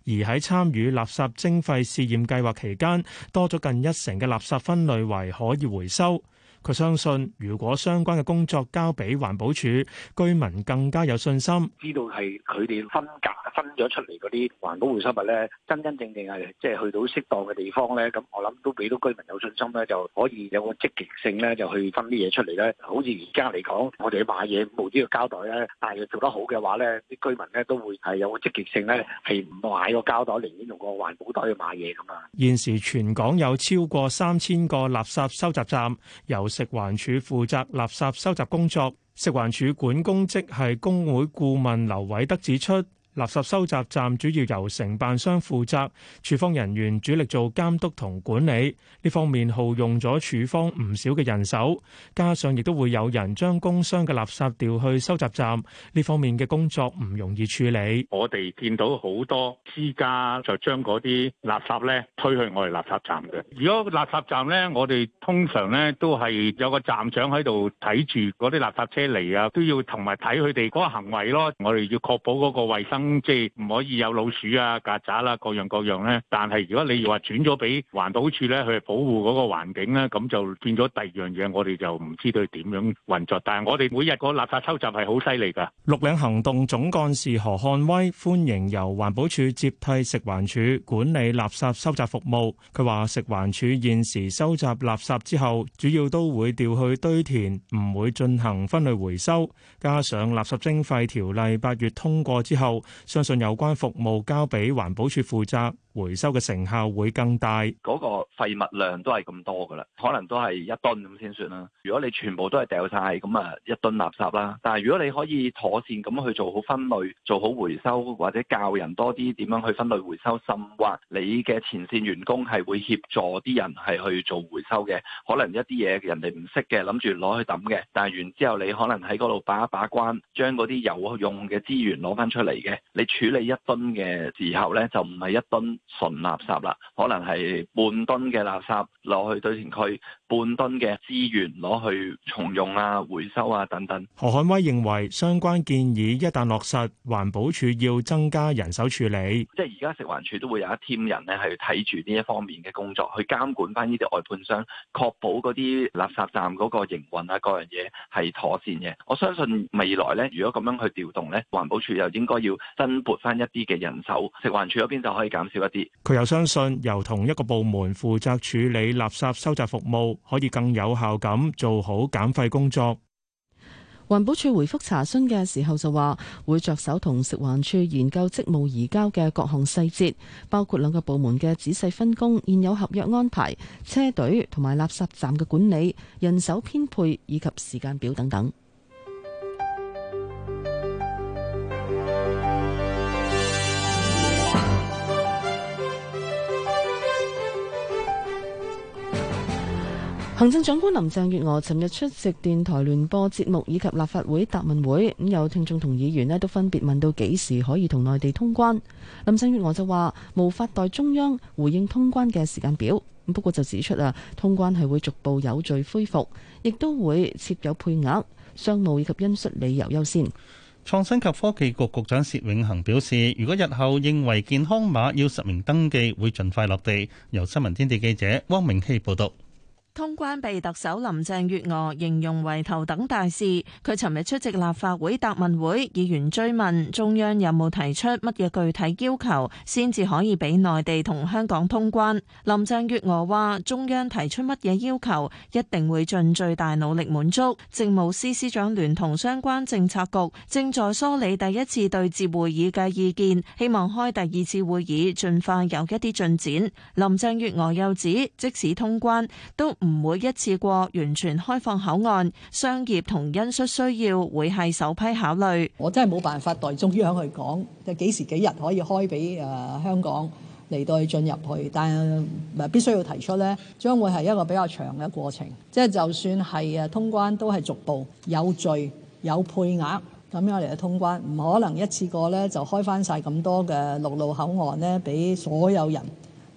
而喺參與垃圾徵費試驗計劃期間，多咗近一成嘅垃圾分類為可以回收。佢相信，如果相關嘅工作交俾環保署，居民更加有信心，知道係佢哋分隔分咗出嚟嗰啲環保回收物咧，真真正正係即係去到適當嘅地方咧。咁我諗都俾到居民有信心咧，就可以有個積極性咧，就去分啲嘢出嚟咧。好似而家嚟講，我哋買嘢冇呢個膠袋咧，但係做得好嘅話咧，啲居民咧都會係有個積極性咧，係唔買個膠袋，寧願用個環保袋去買嘢咁啊。現時全港有超過三千個垃圾收集站，由食環署負責垃圾收集工作，食環署管工職系工會顧問劉偉德指出。垃圾收集站主要由承辦商負責，署方人員主力做監督同管理。呢方面耗用咗署方唔少嘅人手，加上亦都會有人將工商嘅垃圾調去收集站。呢方面嘅工作唔容易處理。我哋見到好多私家就將嗰啲垃圾咧推去我哋垃圾站嘅。如果垃圾站咧，我哋通常咧都係有個站長喺度睇住嗰啲垃圾車嚟啊，都要同埋睇佢哋嗰個行為咯。我哋要確保嗰個衞生。即係唔可以有老鼠啊、曱甴啦，各樣各樣咧。但係如果你話轉咗俾環保署咧，佢係保護嗰個環境咧，咁就變咗第二樣嘢。我哋就唔知道點樣運作。但係我哋每日個垃圾收集係好犀利㗎。綠領行動總幹事何漢威歡迎由環保署接替食環署管理垃圾收集服務。佢話食環署現時收集垃圾之後，主要都會調去堆填，唔會進行分類回收。加上垃圾徵費條例八月通過之後，相信有關服務交俾環保署負責。回收嘅成效會更大，嗰個廢物量都係咁多噶啦，可能都係一噸咁先算啦。如果你全部都係掉晒，咁啊一噸垃圾啦。但係如果你可以妥善咁去做好分類，做好回收或者教人多啲點樣去分類回收，甚或你嘅前線員工係會協助啲人係去做回收嘅。可能一啲嘢人哋唔識嘅，諗住攞去抌嘅，但係完之後你可能喺嗰度把一把關，將嗰啲有用嘅資源攞翻出嚟嘅。你處理一噸嘅時候咧，就唔係一噸。純垃圾啦，可能係半噸嘅垃圾落去堆填區，半噸嘅資源攞去重用啊、回收啊等等。何漢威認為相關建議一旦落實，環保署要增加人手處理。即係而家食環署都會有一 team 人咧，係睇住呢一方面嘅工作，去監管翻呢啲外判商，確保嗰啲垃圾站嗰個營運啊各樣嘢係妥善嘅。我相信未來咧，如果咁樣去調動咧，環保署又應該要增撥翻一啲嘅人手，食環署嗰邊就可以減少一。佢又相信，由同一個部門負責處理垃圾收集服務，可以更有效咁做好減廢工作。環保署回復查詢嘅時候就話，會着手同食環署研究職務移交嘅各項細節，包括兩個部門嘅仔細分工、現有合約安排、車隊同埋垃圾站嘅管理、人手編配以及時間表等等。行政長官林鄭月娥尋日出席電台聯播節目以及立法會答問會，咁有聽眾同議員咧都分別問到幾時可以同內地通關。林鄭月娥就話無法代中央回應通關嘅時間表，不過就指出啊，通關係會逐步有序恢復，亦都會設有配額、商務以及恩恤理由優先。創新及科技局局，局長薛永恒表示，如果日後認為健康碼要實名登記，會盡快落地。由新聞天地記者汪明希報導。通關被特首林鄭月娥形容為頭等大事。佢尋日出席立法會答問會，議員追問中央有冇提出乜嘢具體要求，先至可以俾內地同香港通關。林鄭月娥話：中央提出乜嘢要求，一定會盡最大努力滿足。政務司司長聯同相關政策局正在梳理第一次對接會議嘅意見，希望開第二次會議，盡快有一啲進展。林鄭月娥又指，即使通關都。唔會一次過完全開放口岸，商業同恩恤需要會係首批考慮。我真係冇辦法代中央去講，就幾時幾日可以開俾誒香港嚟到去進入去，但係必須要提出呢，將會係一個比較長嘅過程。即係就算係誒通關都係逐步有序有配額咁樣嚟嘅通關，唔可能一次過呢就開翻晒咁多嘅陸路口岸呢俾所有人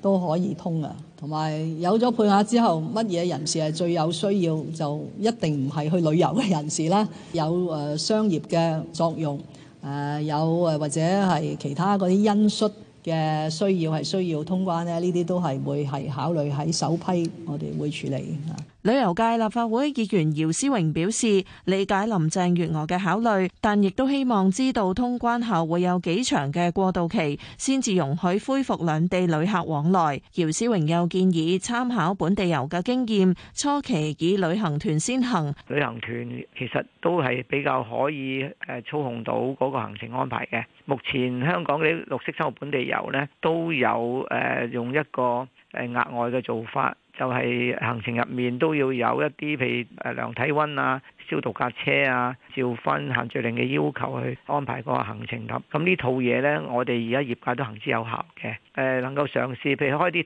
都可以通啊！同埋有咗配額之後，乜嘢人士係最有需要，就一定唔係去旅遊嘅人士啦。有誒、呃、商業嘅作用，誒、呃、有誒或者係其他嗰啲因素嘅需要係需要通關咧，呢啲都係會係考慮喺首批，我哋會處理嚇。旅遊界立法會議員姚思榮表示，理解林鄭月娥嘅考慮，但亦都希望知道通關後會有幾長嘅過渡期，先至容許恢復兩地旅客往來。姚思榮又建議參考本地遊嘅經驗，初期以旅行團先行。旅行團其實都係比較可以誒操控到嗰個行程安排嘅。目前香港嘅綠色生活本地遊呢都有誒用一個誒額外嘅做法。就係行程入面都要有一啲，譬如誒量體溫啊。消毒架車啊，照翻限聚令嘅要求去安排嗰個行程啦。咁呢套嘢呢，我哋而家業界都行之有效嘅。誒，能夠嘗試，譬如開啲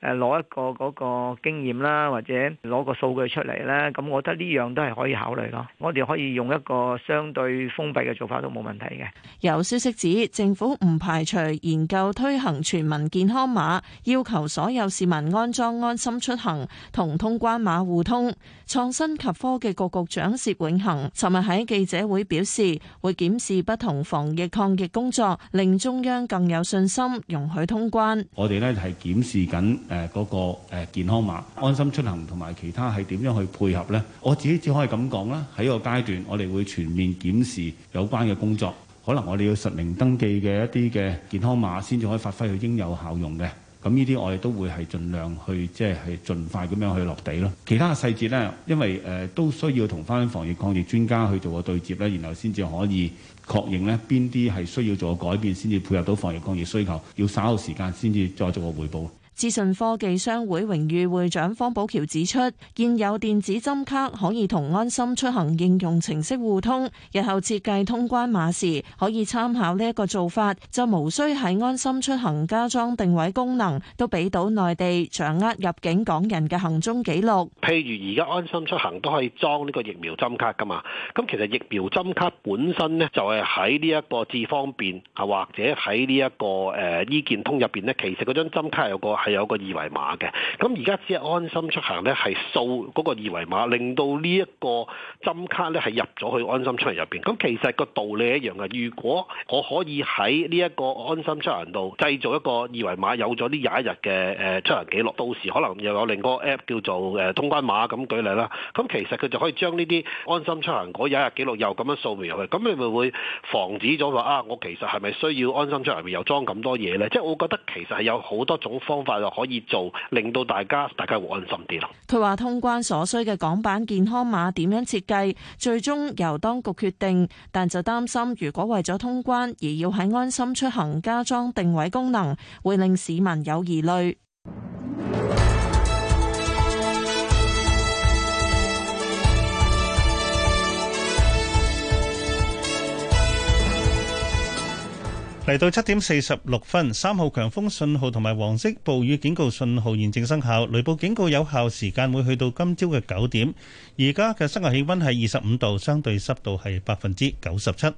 團，誒攞一個嗰個經驗啦，或者攞個數據出嚟咧。咁我覺得呢樣都係可以考慮咯。我哋可以用一個相對封閉嘅做法都冇問題嘅。有消息指政府唔排除研究推行全民健康碼，要求所有市民安裝安心出行同通關碼互通，創新及科技局局長，薛永恆，尋日喺記者會表示會檢視不同防疫抗疫工作，令中央更有信心容許通關。我哋呢係檢視緊誒嗰個誒健康碼、安心出行，同埋其他係點樣去配合呢？我自己只可以咁講啦。喺個階段，我哋會全面檢視有關嘅工作，可能我哋要實名登記嘅一啲嘅健康碼，先至可以發揮佢應有效用嘅。咁呢啲我哋都會係盡量去即係係盡快咁樣去落地咯。其他嘅細節呢，因為、呃、都需要同翻防疫抗疫專家去做個對接咧，然後先至可以確認咧邊啲係需要做個改變，先至配合到防疫抗疫需求，要稍時間先至再做個彙報。資訊科技商會榮譽會長方保僑指出，現有電子針卡可以同安心出行應用程式互通，日後設計通關碼時可以參考呢一個做法，就無需喺安心出行加裝定位功能，都俾到內地掌握入境港人嘅行蹤記錄。譬如而家安心出行都可以裝呢個疫苗針卡㗎嘛，咁其實疫苗針卡本身呢，就係喺呢一個智方便，啊或者喺呢一個誒醫健通入邊呢，其實嗰張針卡有個係。 有個二維碼嘅，咁而家只係安心出行咧，係掃嗰個二維碼，令到呢一個針卡咧係入咗去安心出行入邊。咁其實個道理一樣嘅。如果我可以喺呢一個安心出行度製造一個二維碼，有咗呢廿一日嘅誒出行記錄，到時可能又有另一個 app 叫做誒通關碼咁舉例啦。咁其實佢就可以將呢啲安心出行嗰廿一日記錄又咁樣掃入去。咁你咪會防止咗話啊，我其實係咪需要安心出行入邊又裝咁多嘢咧？即係我覺得其實係有好多種方法，就可以做，令到大家大家安心啲啦。佢話通關所需嘅港版健康碼點樣設計最終由當局決定。但就擔心，如果為咗通關而要喺安心出行加裝定位功能，會令市民有疑慮。嚟到七點四十六分，三號強風信號同埋黃色暴雨警告信號現正生效，雷暴警告有效時間會去到今朝嘅九點。而家嘅室外氣溫係二十五度，相對濕度係百分之九十七。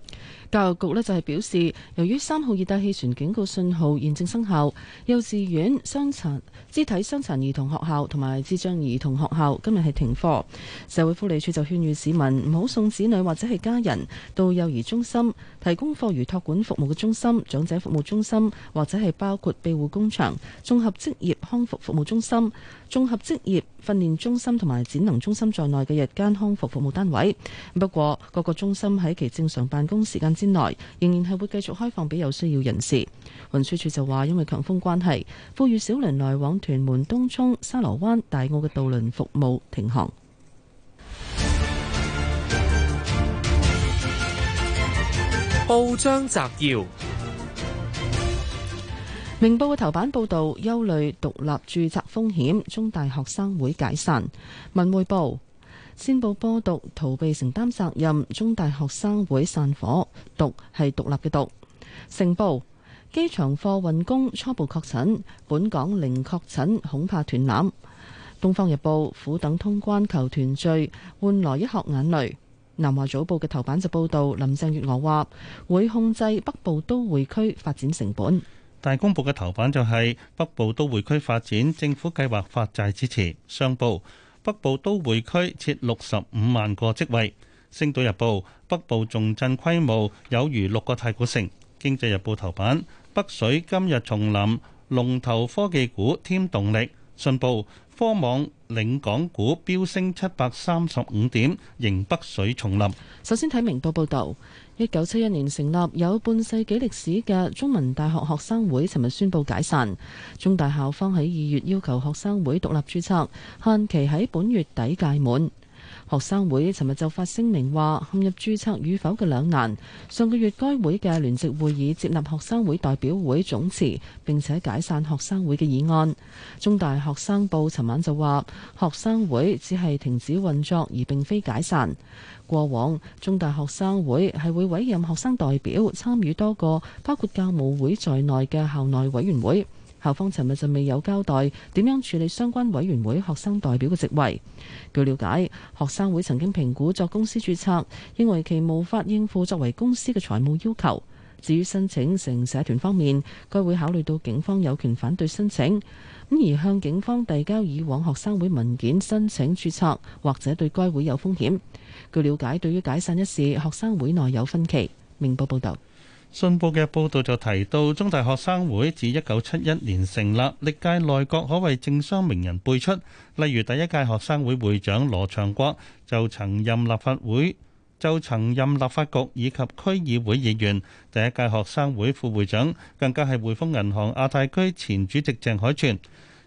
教育局呢就係表示，由於三號熱帶氣旋警告信號現正生效，幼稚園傷殘肢體傷殘兒童學校同埋智障兒童學校今日係停課，社會福利署就勸喻市民唔好送子女或者係家人到幼兒中心、提供課餘託管服務嘅中心、長者服務中心或者係包括庇護工場綜合職業康復服，服務中心、綜合職業訓練中心同埋展能中心在內嘅日間康復服務單位。不過各個中心喺其正常辦公時間。之內仍然係會繼續開放俾有需要人士。運輸處就話，因為強風關係，富裕小輪來往屯門東涌、沙螺灣、大澳嘅渡輪服務停航。報章摘要：明報嘅頭版報道，憂慮獨立注冊風險，中大學生會解散。文匯報。先報播獨逃避承擔責任，中大學生會散夥獨係獨立嘅獨。成報，機場貨運工初步確診，本港零確診恐怕斷纜。東方日報，苦等通關求團聚，換來一殼眼淚。南華早報嘅頭版就報導林鄭月娥話會控制北部都會區發展成本。大公報嘅頭版就係北部都會區發展，政府計劃發債支持。商報，北部都會區設六十五萬個職位。星島日報：北部重鎮規模有如六個太古城。經濟日報頭版：北水今日重臨，龍頭科技股添動力。信報：科網領港股飆升七百三十五點，迎北水重臨。首先睇明報報道。一九七一年成立，有半世紀歷史嘅中文大學學生會尋日宣布解散。中大校方喺二月要求學生會獨立注冊，限期喺本月底屆滿。學生會尋日就發聲明話，陷入註冊與否嘅兩難。上個月該會嘅聯席會議接納學生會代表會總辭，並且解散學生會嘅議案。中大學生部尋晚就話，學生會只係停止運作，而並非解散。過往中大學生會係會委任學生代表參與多個包括教務會在內嘅校內委員會。校方尋日就未有交代點樣處理相關委員會學生代表嘅席位。據了解，學生會曾經評估作公司註冊，認為其無法應付作為公司嘅財務要求。至於申請成社團方面，該會考慮到警方有權反對申請，咁而向警方遞交以往學生會文件申請註冊，或者對該會有風險。據了解，對於解散一事，學生會內有分歧。明報報道。信報嘅報道就提到，中大學生會自一九七一年成立，歷屆內閣可謂政商名人輩出，例如第一屆學生會會長羅長國就曾任立法會就曾任立法局以及區議會議員，第一屆學生會副會長更加係匯豐銀行亞太區前主席鄭海泉，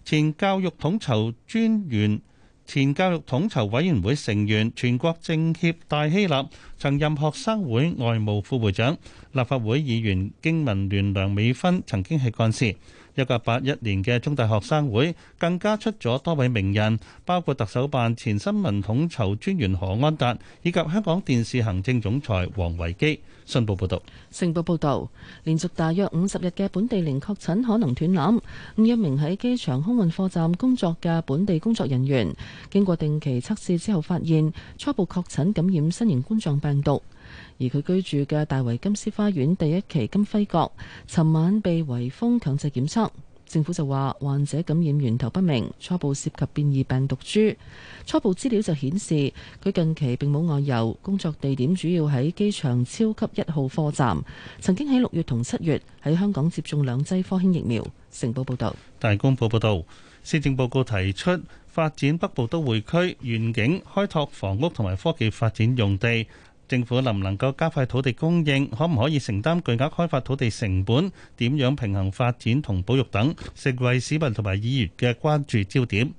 前教育統籌專員。前教育統籌委員會成員、全國政協戴希立，曾任學生會外務副會長；立法會議員、經民聯梁美芬，曾經係幹事。一九八一年嘅中大學生會更加出咗多位名人，包括特首辦前新聞統籌專員何安達，以及香港電視行政總裁王維基。信報報導，成報報導，連續大約五十日嘅本地零確診可能斷纜。五一名喺機場空運貨站工作嘅本地工作人員，經過定期測試之後，發現初步確診感染新型冠狀病毒。而佢居住嘅大圍金獅花園第一期金輝閣，尋晚被圍封強制檢測。政府就話患者感染源頭不明，初步涉及變異病毒株。初步資料就顯示，佢近期並冇外遊，工作地點主要喺機場超級一號貨站。曾經喺六月同七月喺香港接種兩劑科興疫苗。成報報道，大公報報道，施政報告提出發展北部都會區願景，開拓房屋同埋科技發展用地。政府能唔能夠加快土地供應，可唔可以承擔巨額開發土地成本？點樣平衡發展同保育等，成為市民同埋議員嘅關注焦點，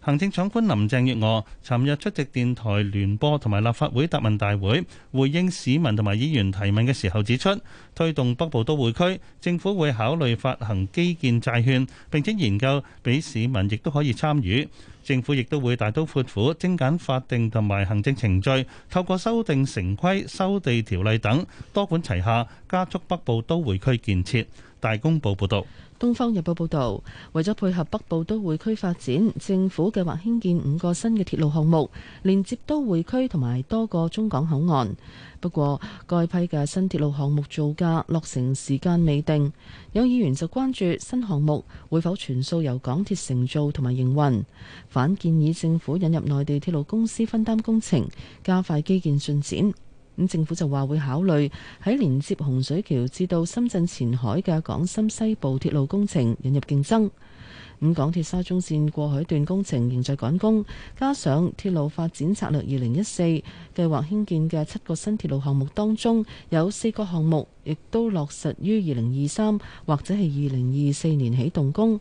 行政長官林鄭月娥尋日出席電台聯播同埋立法會答問大會，回應市民同埋議員提問嘅時候指出，推動北部都會區，政府會考慮發行基建債券，並且研究俾市民亦都可以參與。政府亦都會大刀闊斧精簡法定同埋行政程序，透過修訂城規、收地條例等多管齊下，加速北部都會區建設。大公報報道，東方日報報道，為咗配合北部都會區發展，政府計劃興建五個新嘅鐵路項目，連接都會區同埋多個中港口岸。不過，該批嘅新鐵路項目造價、落成時間未定。有議員就關注新項目會否全數由港鐵承造同埋營運，反建議政府引入內地鐵路公司分擔工程，加快基建進展。政府就話會考慮喺連接洪水橋至到深圳前海嘅港深西部鐵路工程引入競爭。咁港鐵沙中線過海段工程仍在趕工，加上鐵路發展策略二零一四計劃興建嘅七個新鐵路項目當中，有四個項目亦都落實於二零二三或者係二零二四年起動工。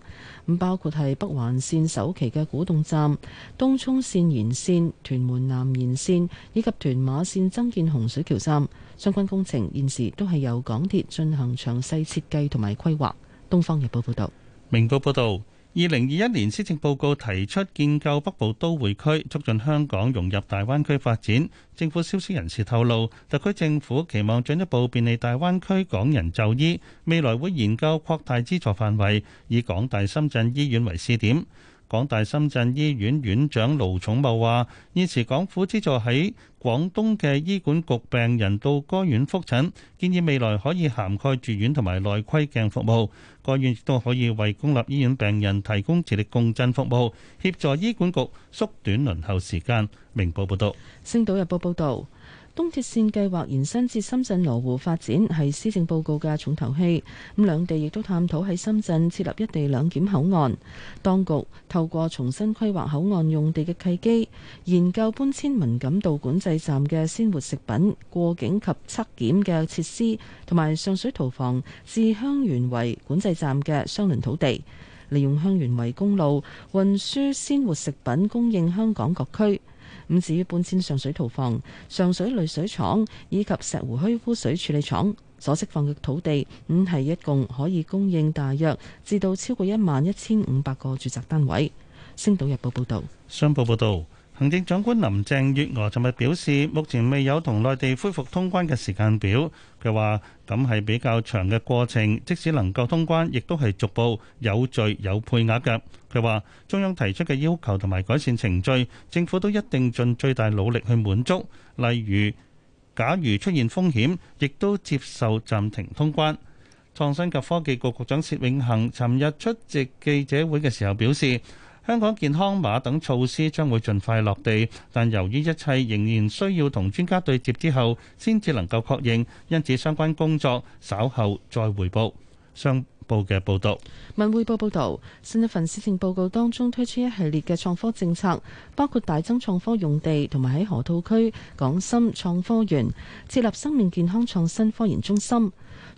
咁包括係北環線首期嘅古洞站、東涌線延線、屯門南延線以及屯馬線增建洪水橋站，相關工程現時都係由港鐵進行詳細設計同埋規劃。《東方日報》報道。《明報》報道。二零二一年施政報告提出建構北部都會區，促進香港融入大灣區發展。政府消息人士透露，特區政府期望進一步便利大灣區港人就醫，未來會研究擴大資助範圍，以港大深圳醫院為試點。港大深圳醫院院長盧重茂話：現時港府資助喺廣東嘅醫管局病人到該院複診，建議未來可以涵蓋住院同埋內窺鏡服務，該院亦都可以為公立醫院病人提供磁力共振服務，協助醫管局縮短輪候時間。明報報道，《星島日報》報道。東鐵線計劃延伸至深圳羅湖發展係施政報告嘅重頭戲，咁兩地亦都探討喺深圳設立一地兩檢口岸。當局透過重新規劃口岸用地嘅契機，研究搬遷文錦渡管制站嘅鮮活食品過境及測檢嘅設施，同埋上水屠房至香園圍管制站嘅相鄰土地，利用香園圍公路運輸鮮活食品供應香港各區。咁至於搬遷上水屠房、上水濾水廠以及石湖墟污水處理廠所釋放嘅土地，咁係一共可以供應大約至到超過一萬一千五百個住宅單位。星島日報報道，商報報道。行政長官林鄭月娥尋日表示，目前未有同內地恢復通關嘅時間表。佢話：咁係比較長嘅過程，即使能夠通關，亦都係逐步有序、有配額嘅。佢話：中央提出嘅要求同埋改善程序，政府都一定盡最大努力去滿足。例如，假如出現風險，亦都接受暫停通關。創新及科技局局長薛永恒尋日出席記者會嘅時候表示：香港健康碼等措施將會盡快落地，但由於一切仍然需要同專家對接之後，先至能夠確認，因此相關工作稍後再回報。商報嘅報導，文匯報報導，新一份施政報告當中推出一系列嘅創科政策，包括大增創科用地，同埋喺河套區港深創科園設立生命健康創新科研中心。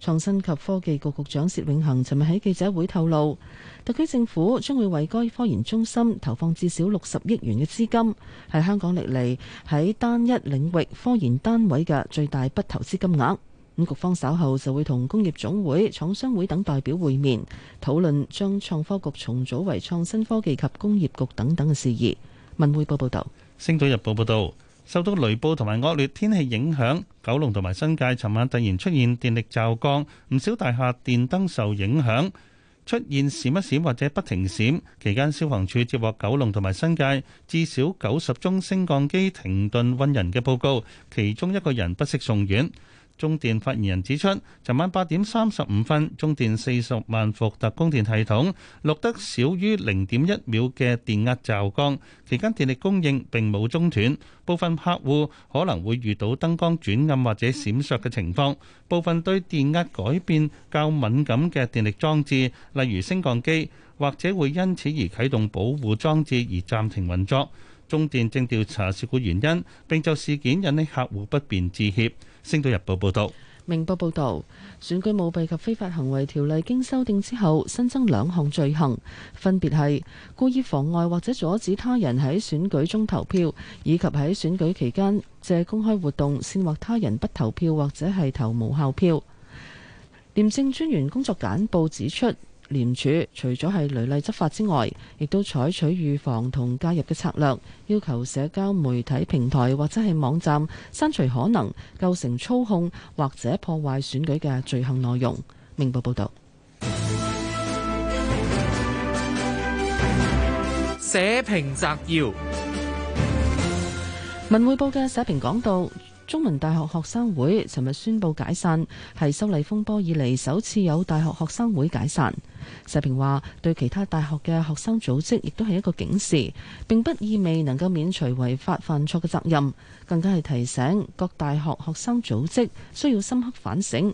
創新及科技局局長薛永恒尋日喺記者會透露，特區政府將會為該科研中心投放至少六十億元嘅資金，係香港歷嚟喺單一領域科研單位嘅最大筆投資金額。咁局方稍後就會同工業總會、廠商會等代表會面，討論將創科局重組為創新科技及工業局等等嘅事宜。文匯報報導，星島日報報導。受到雷暴同埋惡劣天氣影響，九龍同埋新界尋晚突然出現電力驟降，唔少大廈電燈受影響，出現閃一閃或者不停閃。期間消防處接獲九龍同埋新界至少九十宗升降機停頓困人嘅報告，其中一個人不適送院。中電發言人指出，昨晚八點三十五分，中電四十萬伏特供電系統錄得少於零點一秒嘅電壓驟降，期間電力供應並冇中斷，部分客戶可能會遇到燈光轉暗或者閃爍嘅情況。部分對電壓改變較敏感嘅電力裝置，例如升降機，或者會因此而啟動保護裝置而暫停運作。中電正調查事故原因，並就事件引起客戶不便致歉。星島日報報道，明報報道，選舉舞弊及非法行為條例經修訂之後，新增兩項罪行，分別係故意妨礙或者阻止他人喺選舉中投票，以及喺選舉期間借公開活動煽惑他人不投票或者係投無效票。廉政專員工作簡報指出。廉署除咗係雷厲執法之外，亦都採取預防同介入嘅策略，要求社交媒體平台或者係網站刪除可能構成操控或者破壞選舉嘅罪行內容。明報報道。社評摘要：文匯報嘅社評講到，中文大學學生會尋日宣布解散，係修例風波以嚟首次有大學學生會解散。社評話，對其他大學嘅學生組織亦都係一個警示，並不意味能夠免除違法犯錯嘅責任，更加係提醒各大學學生組織需要深刻反省，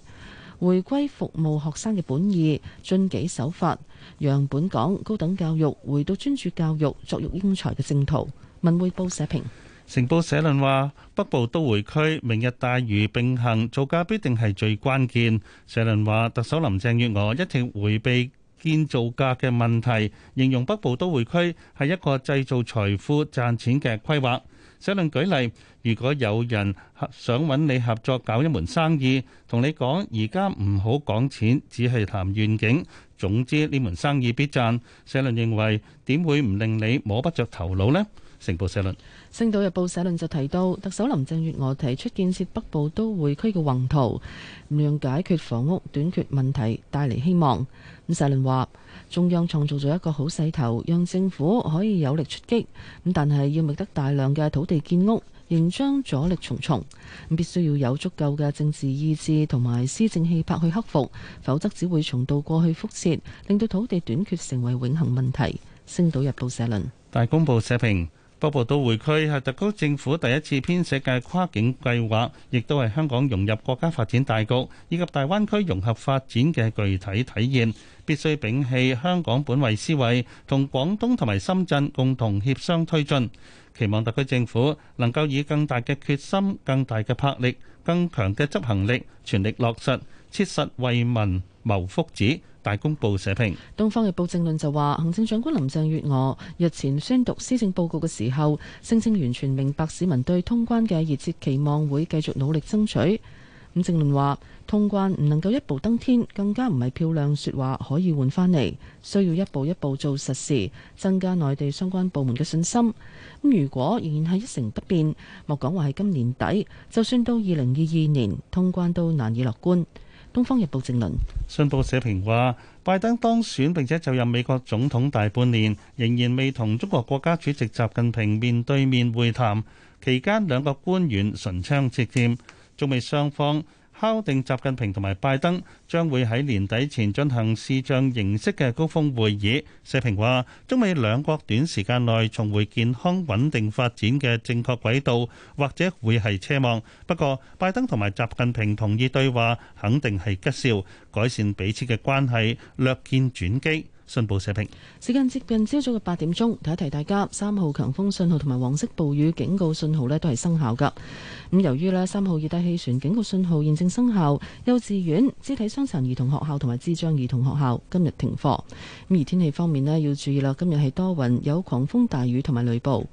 回歸服務學生嘅本意，遵紀守法，讓本港高等教育回到專注教育、作育英才嘅正途。文匯報社評。成報社論話北部都會區明日大雨並行，造價必定係最關鍵。社論話特首林鄭月娥一直回避。建造價嘅問題，形容北部都會區係一個製造財富賺錢嘅規劃。社論舉例，如果有人想搵你合作搞一門生意，同你講而家唔好講錢，只係談願景。總之呢門生意必賺。社論認為點會唔令你摸不著頭腦呢？成報社論，《星島日報》社論就提到，特首林鄭月娥提出建設北部都會區嘅宏圖，唔用解決房屋短缺問題，帶嚟希望。咁社論話中央創造咗一個好勢頭，讓政府可以有力出擊。咁但係要覓得大量嘅土地建屋，仍將阻力重重。咁必須要有足夠嘅政治意志同埋施政氣魄去克服，否則只會重蹈過去覆轍，令到土地短缺成為永恒問題。星島日報社論，大公報社評。北部都會區係特區政府第一次編寫嘅跨境計劃，亦都係香港融入國家發展大局以及大灣區融合發展嘅具體體現，必須摒棄香港本位思維，同廣東同埋深圳共同協商推進。期望特區政府能夠以更大嘅決心、更大嘅魄力、更強嘅執行力，全力落實，切實為民謀福祉。大公報社評，《東方日報政論》就話，行政長官林鄭月娥日前宣讀施政報告嘅時候，聲稱完全明白市民對通關嘅熱切期望，會繼續努力爭取。咁政論話，通關唔能夠一步登天，更加唔係漂亮説話可以換返嚟，需要一步一步做實事，增加內地相關部門嘅信心。咁如果仍然係一成不變，莫講話係今年底，就算到二零二二年，通關都難以樂觀。《東方日報》正論：信報社評話，拜登當選並且就任美國總統大半年，仍然未同中國國家主席習近平面對面會談，期間兩個官員唇槍舌劍，仲未雙方敲定，習近平同埋拜登將會喺年底前進行視像形式嘅高峰會議。社評話，中美兩國短時間內重回健康穩定發展嘅正確軌道，或者會係奢望。不過拜登同埋習近平同意對話肯定係吉兆，改善彼此嘅關係略見轉機。信報社評，時間接近朝早嘅八點鐘，提一提大家，三號強風信號同埋黃色暴雨警告信號咧都係生效㗎。咁由於咧三號熱帶氣旋警告信號現正生效，幼稚園、肢體傷殘兒童學校同埋智障兒童學校今日停課。咁而天氣方面咧要注意啦，今日係多雲，有狂風大雨同埋雷暴。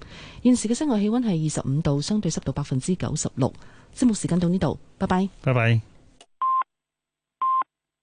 現時嘅室外氣溫係二十五度，相對濕度百分之九十六。節目時間到呢度，拜拜，拜拜。